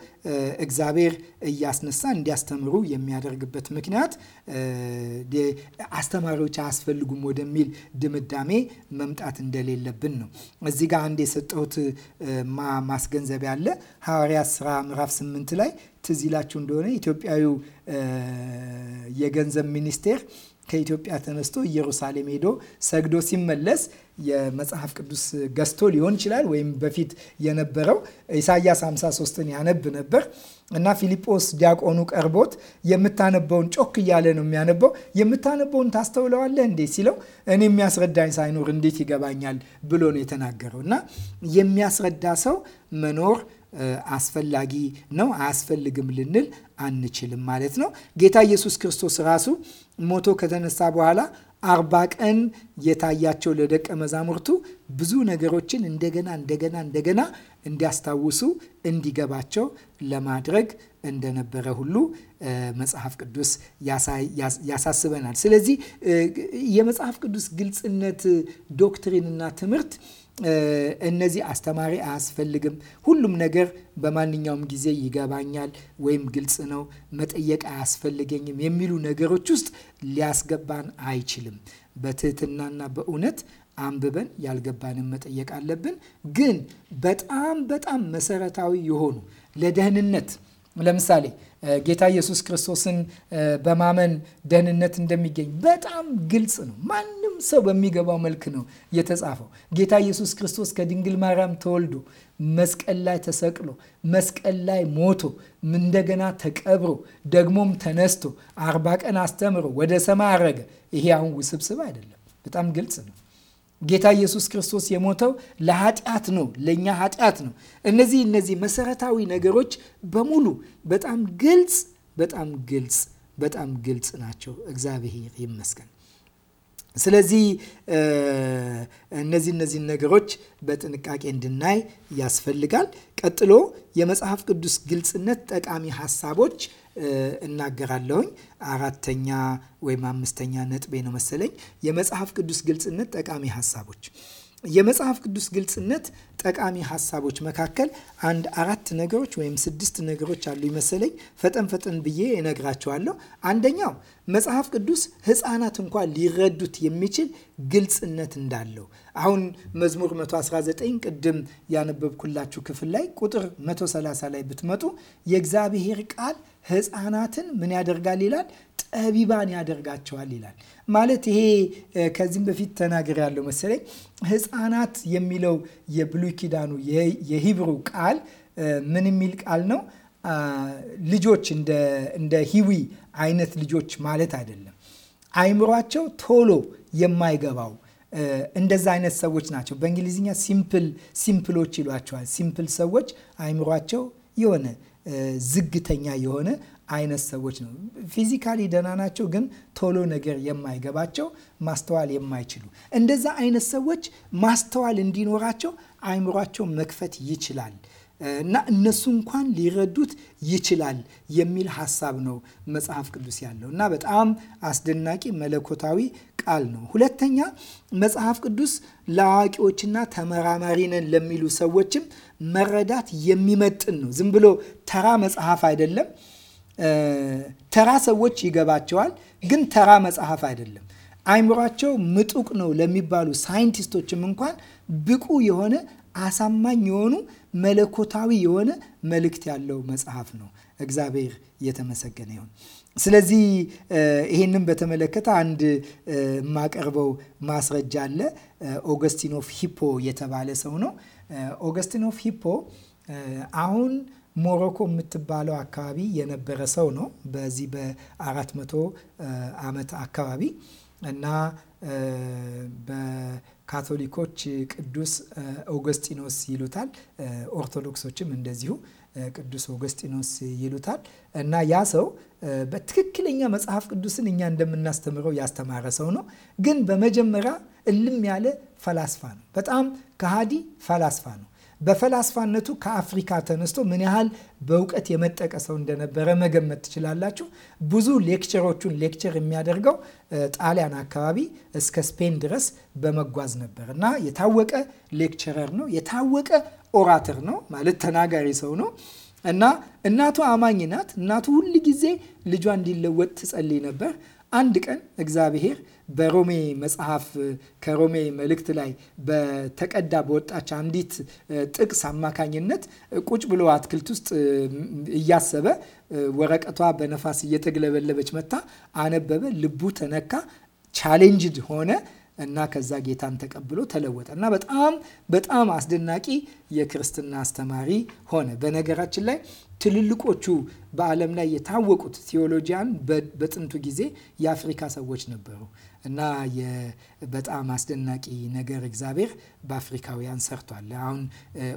እግዚአብሔር እያስነሳ እንዲያስተምሩ የሚያደርግበት ምክንያት አስተማሪዎች አያስፈልጉም ወደሚል ድምዳሜ መምጣት እንደሌለብን ነው። እዚህ ጋር አንድ የሰጠሁት ማስገንዘብ ያለ ሐዋርያ ስራ ምዕራፍ 8 ላይ ትዝ ይላችሁ እንደሆነ ኢትዮጵያዊ የገንዘብ ሚኒስቴር ከኢትዮጵያ ተነስቶ ኢየሩሳሌም ሄዶ ሰግዶ ሲመለስ የመጽሐፍ ቅዱስ ገዝቶ ሊሆን ይችላል፣ ወይም በፊት የነበረው ኢሳያስ 53ን ያነብ ነበር እና ፊልጶስ ዲያቆኑ ቀርቦት የምታነበውን ጮክ እያለ ነው የሚያነበው። የምታነበውን ታስተውለዋለህ እንዴ ሲለው እኔ የሚያስረዳኝ ሳይኖር እንዴት ይገባኛል ብሎ ነው የተናገረው። እና የሚያስረዳ ሰው መኖር አስፈላጊ ነው፣ አያስፈልግም ልንል አንችልም ማለት ነው። ጌታ ኢየሱስ ክርስቶስ ራሱ ሞቶ ከተነሳ በኋላ አርባ ቀን የታያቸው ለደቀ መዛሙርቱ ብዙ ነገሮችን እንደገና እንደገና እንደገና እንዲያስታውሱ እንዲገባቸው ለማድረግ እንደነበረ ሁሉ መጽሐፍ ቅዱስ ያሳስበናል። ስለዚህ የመጽሐፍ ቅዱስ ግልጽነት ዶክትሪንና ትምህርት እነዚህ አስተማሪ አያስፈልግም። ሁሉም ነገር በማንኛውም ጊዜ ይገባኛል ወይም ግልጽ ነው፣ መጠየቅ አያስፈልገኝም የሚሉ ነገሮች ውስጥ ሊያስገባን አይችልም። በትህትናና በእውነት አንብበን ያልገባንን መጠየቅ አለብን። ግን በጣም በጣም መሰረታዊ የሆኑ ለደህንነት ለምሳሌ ጌታ ኢየሱስ ክርስቶስን በማመን ደህንነት እንደሚገኝ በጣም ግልጽ ነው። ማንም ሰው በሚገባው መልክ ነው የተጻፈው። ጌታ ኢየሱስ ክርስቶስ ከድንግል ማርያም ተወልዶ መስቀል ላይ ተሰቅሎ መስቀል ላይ ሞቶ እንደገና ተቀብሮ ደግሞም ተነስቶ አርባ ቀን አስተምሮ ወደ ሰማይ አረገ። ይሄ አሁን ውስብስብ አይደለም፣ በጣም ግልጽ ነው። ጌታ ኢየሱስ ክርስቶስ የሞተው ለኃጢአት ነው፣ ለእኛ ኃጢአት ነው። እነዚህ እነዚህ መሰረታዊ ነገሮች በሙሉ በጣም ግልጽ በጣም ግልጽ በጣም ግልጽ ናቸው። እግዚአብሔር ይመስገን። ስለዚህ እነዚህ እነዚህ ነገሮች በጥንቃቄ እንድናይ ያስፈልጋል። ቀጥሎ የመጽሐፍ ቅዱስ ግልጽነት ጠቃሚ ሀሳቦች እናገራለሁኝ። አራተኛ ወይም አምስተኛ ነጥቤ ነው መሰለኝ። የመጽሐፍ ቅዱስ ግልጽነት ጠቃሚ ሀሳቦች የመጽሐፍ ቅዱስ ግልጽነት ጠቃሚ ሀሳቦች መካከል አንድ አራት ነገሮች ወይም ስድስት ነገሮች አሉ ይመስለኝ። ፈጠን ፈጠን ብዬ እነግራቸዋለሁ። አንደኛው መጽሐፍ ቅዱስ ሕፃናት እንኳ ሊረዱት የሚችል ግልጽነት እንዳለው አሁን መዝሙር 119 ቅድም ያነበብኩላችሁ ክፍል ላይ ቁጥር 130 ላይ ብትመጡ የእግዚአብሔር ቃል ህፃናትን ምን ያደርጋል ይላል ጠቢባን ያደርጋቸዋል ይላል። ማለት ይሄ ከዚህም በፊት ተናገር ያለው መሰለኝ ህፃናት የሚለው የብሉይ ኪዳኑ የሂብሩ ቃል ምን የሚል ቃል ነው? ልጆች እንደ ሂዊ አይነት ልጆች ማለት አይደለም። አይምሯቸው ቶሎ የማይገባው እንደዛ አይነት ሰዎች ናቸው። በእንግሊዝኛ ሲምፕል ሲምፕሎች ይሏቸዋል። ሲምፕል ሰዎች አይምሯቸው የሆነ ዝግተኛ የሆነ አይነት ሰዎች ነው። ፊዚካሊ ደህና ናቸው፣ ግን ቶሎ ነገር የማይገባቸው ማስተዋል የማይችሉ እንደዛ አይነት ሰዎች ማስተዋል እንዲኖራቸው አይምሯቸው መክፈት ይችላል። እና እነሱ እንኳን ሊረዱት ይችላል የሚል ሀሳብ ነው መጽሐፍ ቅዱስ ያለው እና በጣም አስደናቂ መለኮታዊ ቃል ነው። ሁለተኛ መጽሐፍ ቅዱስ ለአዋቂዎችና ተመራማሪ ነን ለሚሉ ሰዎችም መረዳት የሚመጥን ነው። ዝም ብሎ ተራ መጽሐፍ አይደለም። ተራ ሰዎች ይገባቸዋል፣ ግን ተራ መጽሐፍ አይደለም። አይምሯቸው ምጡቅ ነው ለሚባሉ ሳይንቲስቶችም እንኳን ብቁ የሆነ አሳማኝ የሆኑ መለኮታዊ የሆነ መልእክት ያለው መጽሐፍ ነው። እግዚአብሔር እየተመሰገነ ይሁን። ስለዚህ ይህንም በተመለከተ አንድ የማቀርበው ማስረጃ አለ። ኦገስቲን ኦፍ ሂፖ የተባለ ሰው ነው። ኦገስቲን ኦፍ ሂፖ አሁን ሞሮኮ የምትባለው አካባቢ የነበረ ሰው ነው። በዚህ በአራት መቶ ዓመት አካባቢ እና ካቶሊኮች ቅዱስ ኦገስጢኖስ ይሉታል። ኦርቶዶክሶችም እንደዚሁ ቅዱስ ኦገስጢኖስ ይሉታል እና ያ ሰው በትክክለኛ መጽሐፍ ቅዱስን እኛ እንደምናስተምረው ያስተማረ ሰው ነው። ግን በመጀመሪያ እልም ያለ ፈላስፋ ነው። በጣም ከሃዲ ፈላስፋ ነው። በፈላስፋነቱ ከአፍሪካ ተነስቶ ምን ያህል በእውቀት የመጠቀ ሰው እንደነበረ መገመት ትችላላችሁ። ብዙ ሌክቸሮቹን ሌክቸር የሚያደርገው ጣሊያን አካባቢ እስከ ስፔን ድረስ በመጓዝ ነበር እና የታወቀ ሌክቸረር ነው። የታወቀ ኦራተር ነው ማለት ተናጋሪ ሰው ነው። እና እናቱ አማኝ ናት። እናቱ ሁል ጊዜ ልጇ እንዲለወጥ ትጸልይ ነበር። አንድ ቀን እግዚአብሔር በሮሜ መጽሐፍ ከሮሜ መልእክት ላይ በተቀዳ በወጣች አንዲት ጥቅስ አማካኝነት ቁጭ ብሎ አትክልት ውስጥ እያሰበ ወረቀቷ በነፋስ እየተግለበለበች መታ አነበበ። ልቡ ተነካ፣ ቻሌንጅድ ሆነ። እና ከዛ ጌታን ተቀብሎ ተለወጠ እና በጣም በጣም አስደናቂ የክርስትና አስተማሪ ሆነ። በነገራችን ላይ ትልልቆቹ በዓለም ላይ የታወቁት ቴዎሎጂያን በጥንቱ ጊዜ የአፍሪካ ሰዎች ነበሩ። እና በጣም አስደናቂ ነገር እግዚአብሔር በአፍሪካውያን ሰርቷል። አሁን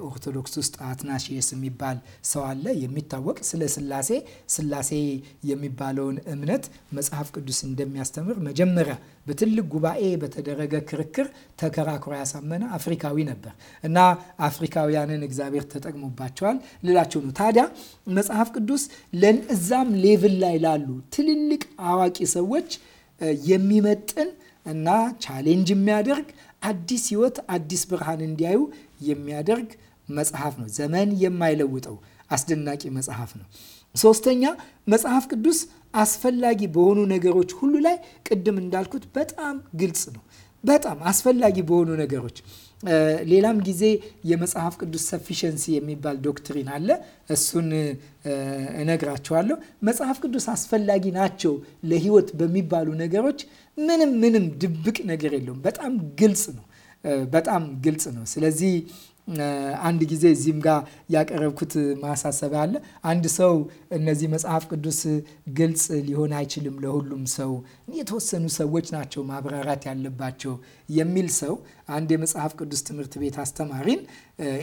ኦርቶዶክስ ውስጥ አትናሽየስ የሚባል ሰው አለ የሚታወቅ ስለ ስላሴ ስላሴ የሚባለውን እምነት መጽሐፍ ቅዱስ እንደሚያስተምር መጀመሪያ በትልቅ ጉባኤ በተደረገ ክርክር ተከራክሮ ያሳመነ አፍሪካዊ ነበር እና አፍሪካውያንን እግዚአብሔር ተጠቅሞባቸዋል ልላቸው ነው። ታዲያ መጽሐፍ ቅዱስ ለእዛም ሌቭል ላይ ላሉ ትልልቅ አዋቂ ሰዎች የሚመጥን እና ቻሌንጅ የሚያደርግ አዲስ ህይወት፣ አዲስ ብርሃን እንዲያዩ የሚያደርግ መጽሐፍ ነው። ዘመን የማይለውጠው አስደናቂ መጽሐፍ ነው። ሶስተኛ መጽሐፍ ቅዱስ አስፈላጊ በሆኑ ነገሮች ሁሉ ላይ ቅድም እንዳልኩት በጣም ግልጽ ነው። በጣም አስፈላጊ በሆኑ ነገሮች ሌላም ጊዜ የመጽሐፍ ቅዱስ ሰፊሸንሲ የሚባል ዶክትሪን አለ። እሱን እነግራቸዋለሁ። መጽሐፍ ቅዱስ አስፈላጊ ናቸው ለሕይወት በሚባሉ ነገሮች ምንም ምንም ድብቅ ነገር የለውም። በጣም ግልጽ ነው። በጣም ግልጽ ነው። ስለዚህ አንድ ጊዜ እዚህም ጋር ያቀረብኩት ማሳሰቢያ አለ። አንድ ሰው እነዚህ መጽሐፍ ቅዱስ ግልጽ ሊሆን አይችልም ለሁሉም ሰው፣ የተወሰኑ ሰዎች ናቸው ማብራራት ያለባቸው የሚል ሰው አንድ የመጽሐፍ ቅዱስ ትምህርት ቤት አስተማሪን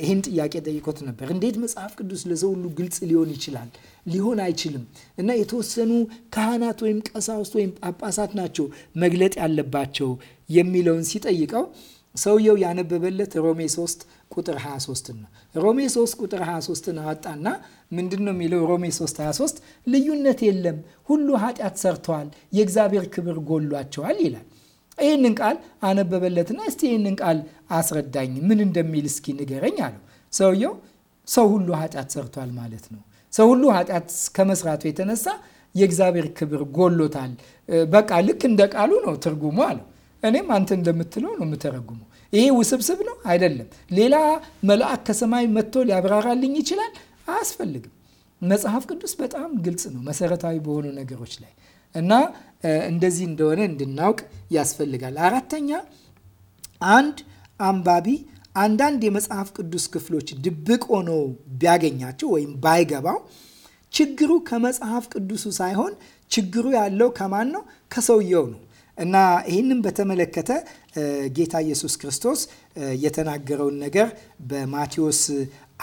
ይህን ጥያቄ ጠይቆት ነበር። እንዴት መጽሐፍ ቅዱስ ለሰው ሁሉ ግልጽ ሊሆን ይችላል? ሊሆን አይችልም እና የተወሰኑ ካህናት ወይም ቀሳውስት ወይም ጳጳሳት ናቸው መግለጥ ያለባቸው የሚለውን ሲጠይቀው ሰውየው ያነበበለት ሮሜ 3 ቁጥር 23 ነው። ሮሜ 3 ቁጥር 23ን አወጣና ምንድን ነው የሚለው? ሮሜ 3 23 ልዩነት የለም ሁሉ ኃጢአት ሰርተዋል፣ የእግዚአብሔር ክብር ጎሏቸዋል ይላል። ይህንን ቃል አነበበለትና እስቲ ይህንን ቃል አስረዳኝ ምን እንደሚል እስኪ ንገረኝ አለው። ሰውየው ሰው ሁሉ ኃጢአት ሰርቷል ማለት ነው። ሰው ሁሉ ኃጢአት ከመስራቱ የተነሳ የእግዚአብሔር ክብር ጎሎታል። በቃ ልክ እንደ ቃሉ ነው ትርጉሙ አለው። እኔም አንተ እንደምትለው ነው የምተረጉመው ይሄ ውስብስብ ነው አይደለም። ሌላ መልአክ ከሰማይ መጥቶ ሊያብራራልኝ ይችላል? አያስፈልግም። መጽሐፍ ቅዱስ በጣም ግልጽ ነው መሰረታዊ በሆኑ ነገሮች ላይ እና እንደዚህ እንደሆነ እንድናውቅ ያስፈልጋል። አራተኛ አንድ አንባቢ አንዳንድ የመጽሐፍ ቅዱስ ክፍሎች ድብቅ ሆኖ ቢያገኛቸው ወይም ባይገባው ችግሩ ከመጽሐፍ ቅዱሱ ሳይሆን ችግሩ ያለው ከማን ነው? ከሰውየው ነው። እና ይህንም በተመለከተ ጌታ ኢየሱስ ክርስቶስ የተናገረውን ነገር በማቴዎስ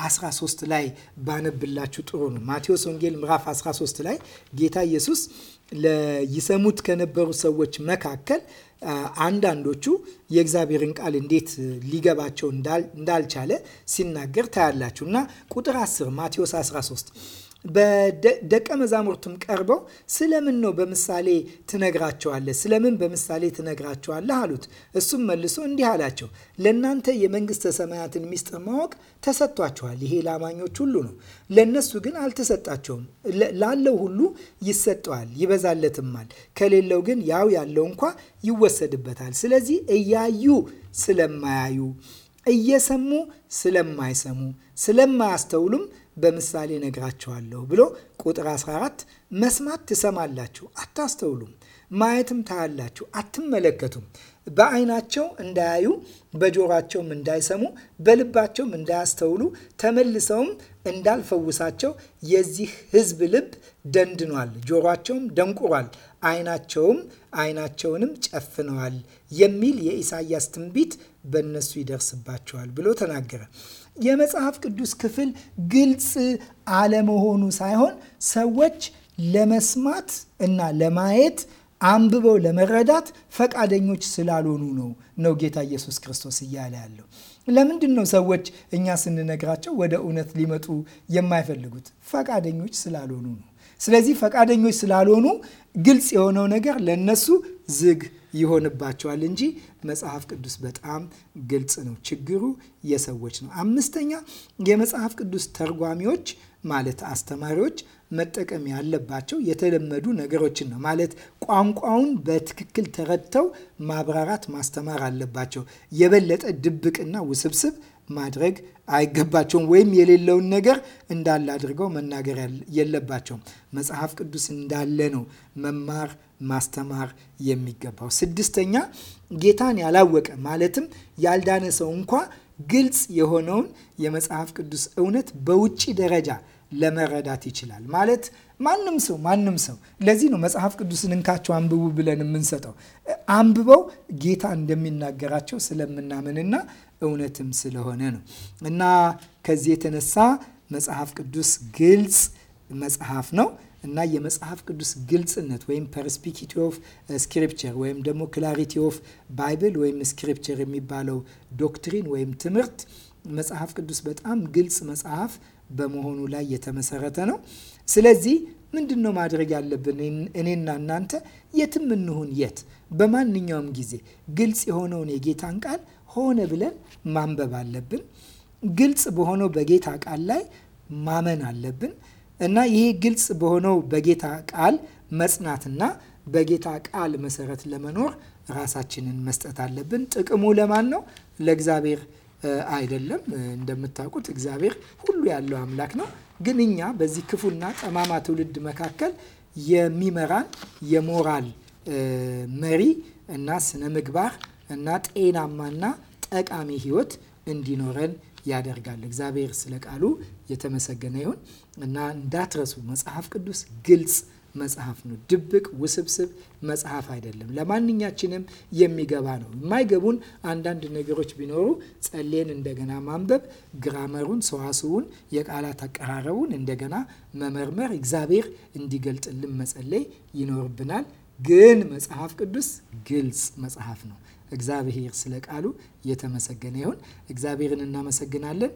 13 ላይ ባነብላችሁ ጥሩ ነው። ማቴዎስ ወንጌል ምዕራፍ 13 ላይ ጌታ ኢየሱስ ይሰሙት ከነበሩ ሰዎች መካከል አንዳንዶቹ የእግዚአብሔርን ቃል እንዴት ሊገባቸው እንዳልቻለ ሲናገር ታያላችሁ እና ቁጥር 10 ማቴዎስ 13 በደቀ መዛሙርቱም ቀርበው ስለምን ነው በምሳሌ ትነግራቸዋለህ? ስለምን በምሳሌ ትነግራቸዋለህ አሉት። እሱም መልሶ እንዲህ አላቸው፣ ለእናንተ የመንግሥተ ሰማያትን ሚስጥር ማወቅ ተሰጥቷቸዋል። ይሄ ለአማኞች ሁሉ ነው። ለእነሱ ግን አልተሰጣቸውም። ላለው ሁሉ ይሰጠዋል፣ ይበዛለትማል። ከሌለው ግን ያው ያለው እንኳ ይወሰድበታል። ስለዚህ እያዩ ስለማያዩ እየሰሙ ስለማይሰሙ ስለማያስተውሉም በምሳሌ ነግራችኋለሁ ብሎ ቁጥር 14 መስማት ትሰማላችሁ፣ አታስተውሉም፣ ማየትም ታያላችሁ፣ አትመለከቱም። በዓይናቸው እንዳያዩ በጆሯቸውም እንዳይሰሙ በልባቸውም እንዳያስተውሉ ተመልሰውም እንዳልፈውሳቸው የዚህ ሕዝብ ልብ ደንድኗል፣ ጆሯቸውም ደንቁሯል፣ ዓይናቸውም ዓይናቸውንም ጨፍነዋል የሚል የኢሳያስ ትንቢት በእነሱ ይደርስባቸዋል ብሎ ተናገረ። የመጽሐፍ ቅዱስ ክፍል ግልጽ አለመሆኑ ሳይሆን ሰዎች ለመስማት እና ለማየት አንብበው ለመረዳት ፈቃደኞች ስላልሆኑ ነው ነው ጌታ ኢየሱስ ክርስቶስ እያለ ያለው። ለምንድን ነው ሰዎች እኛ ስንነግራቸው ወደ እውነት ሊመጡ የማይፈልጉት? ፈቃደኞች ስላልሆኑ ነው። ስለዚህ ፈቃደኞች ስላልሆኑ ግልጽ የሆነው ነገር ለነሱ ዝግ ይሆንባቸዋል እንጂ መጽሐፍ ቅዱስ በጣም ግልጽ ነው። ችግሩ የሰዎች ነው። አምስተኛ የመጽሐፍ ቅዱስ ተርጓሚዎች ማለት አስተማሪዎች መጠቀም ያለባቸው የተለመዱ ነገሮችን ነው። ማለት ቋንቋውን በትክክል ተረድተው ማብራራት ማስተማር አለባቸው። የበለጠ ድብቅና ውስብስብ ማድረግ አይገባቸውም፣ ወይም የሌለውን ነገር እንዳለ አድርገው መናገር የለባቸውም። መጽሐፍ ቅዱስ እንዳለ ነው መማር ማስተማር የሚገባው። ስድስተኛ ጌታን ያላወቀ ማለትም ያልዳነ ሰው እንኳ ግልጽ የሆነውን የመጽሐፍ ቅዱስ እውነት በውጭ ደረጃ ለመረዳት ይችላል። ማለት ማንም ሰው ማንም ሰው ለዚህ ነው መጽሐፍ ቅዱስን እንካቸው አንብቡ ብለን የምንሰጠው። አንብበው ጌታ እንደሚናገራቸው ስለምናምንና እውነትም ስለሆነ ነው እና ከዚህ የተነሳ መጽሐፍ ቅዱስ ግልጽ መጽሐፍ ነው እና የመጽሐፍ ቅዱስ ግልጽነት ወይም ፐርስፒኪቲ ኦፍ ስክሪፕቸር ወይም ደግሞ ክላሪቲ ኦፍ ባይብል ወይም ስክሪፕቸር የሚባለው ዶክትሪን ወይም ትምህርት መጽሐፍ ቅዱስ በጣም ግልጽ መጽሐፍ በመሆኑ ላይ የተመሰረተ ነው። ስለዚህ ምንድን ነው ማድረግ ያለብን? እኔና እናንተ የትም እንሁን የት በማንኛውም ጊዜ ግልጽ የሆነውን የጌታን ቃል ሆነ ብለን ማንበብ አለብን። ግልጽ በሆነው በጌታ ቃል ላይ ማመን አለብን እና ይሄ ግልጽ በሆነው በጌታ ቃል መጽናትና በጌታ ቃል መሰረት ለመኖር ራሳችንን መስጠት አለብን። ጥቅሙ ለማን ነው? ለእግዚአብሔር አይደለም። እንደምታውቁት እግዚአብሔር ሁሉ ያለው አምላክ ነው። ግን እኛ በዚህ ክፉና ጠማማ ትውልድ መካከል የሚመራን የሞራል መሪ እና ስነ ምግባር እና ጤናማና ጠቃሚ ህይወት እንዲኖረን ያደርጋል። እግዚአብሔር ስለ ቃሉ የተመሰገነ ይሁን እና እንዳትረሱ፣ መጽሐፍ ቅዱስ ግልጽ መጽሐፍ ነው። ድብቅ ውስብስብ መጽሐፍ አይደለም። ለማንኛችንም የሚገባ ነው። የማይገቡን አንዳንድ ነገሮች ቢኖሩ ጸሌን እንደገና ማንበብ፣ ግራመሩን፣ ሰዋስውን፣ የቃላት አቀራረቡን እንደገና መመርመር፣ እግዚአብሔር እንዲገልጥልን መጸለይ ይኖርብናል። ግን መጽሐፍ ቅዱስ ግልጽ መጽሐፍ ነው። እግዚአብሔር ስለ ቃሉ የተመሰገነ ይሁን። እግዚአብሔርን እናመሰግናለን።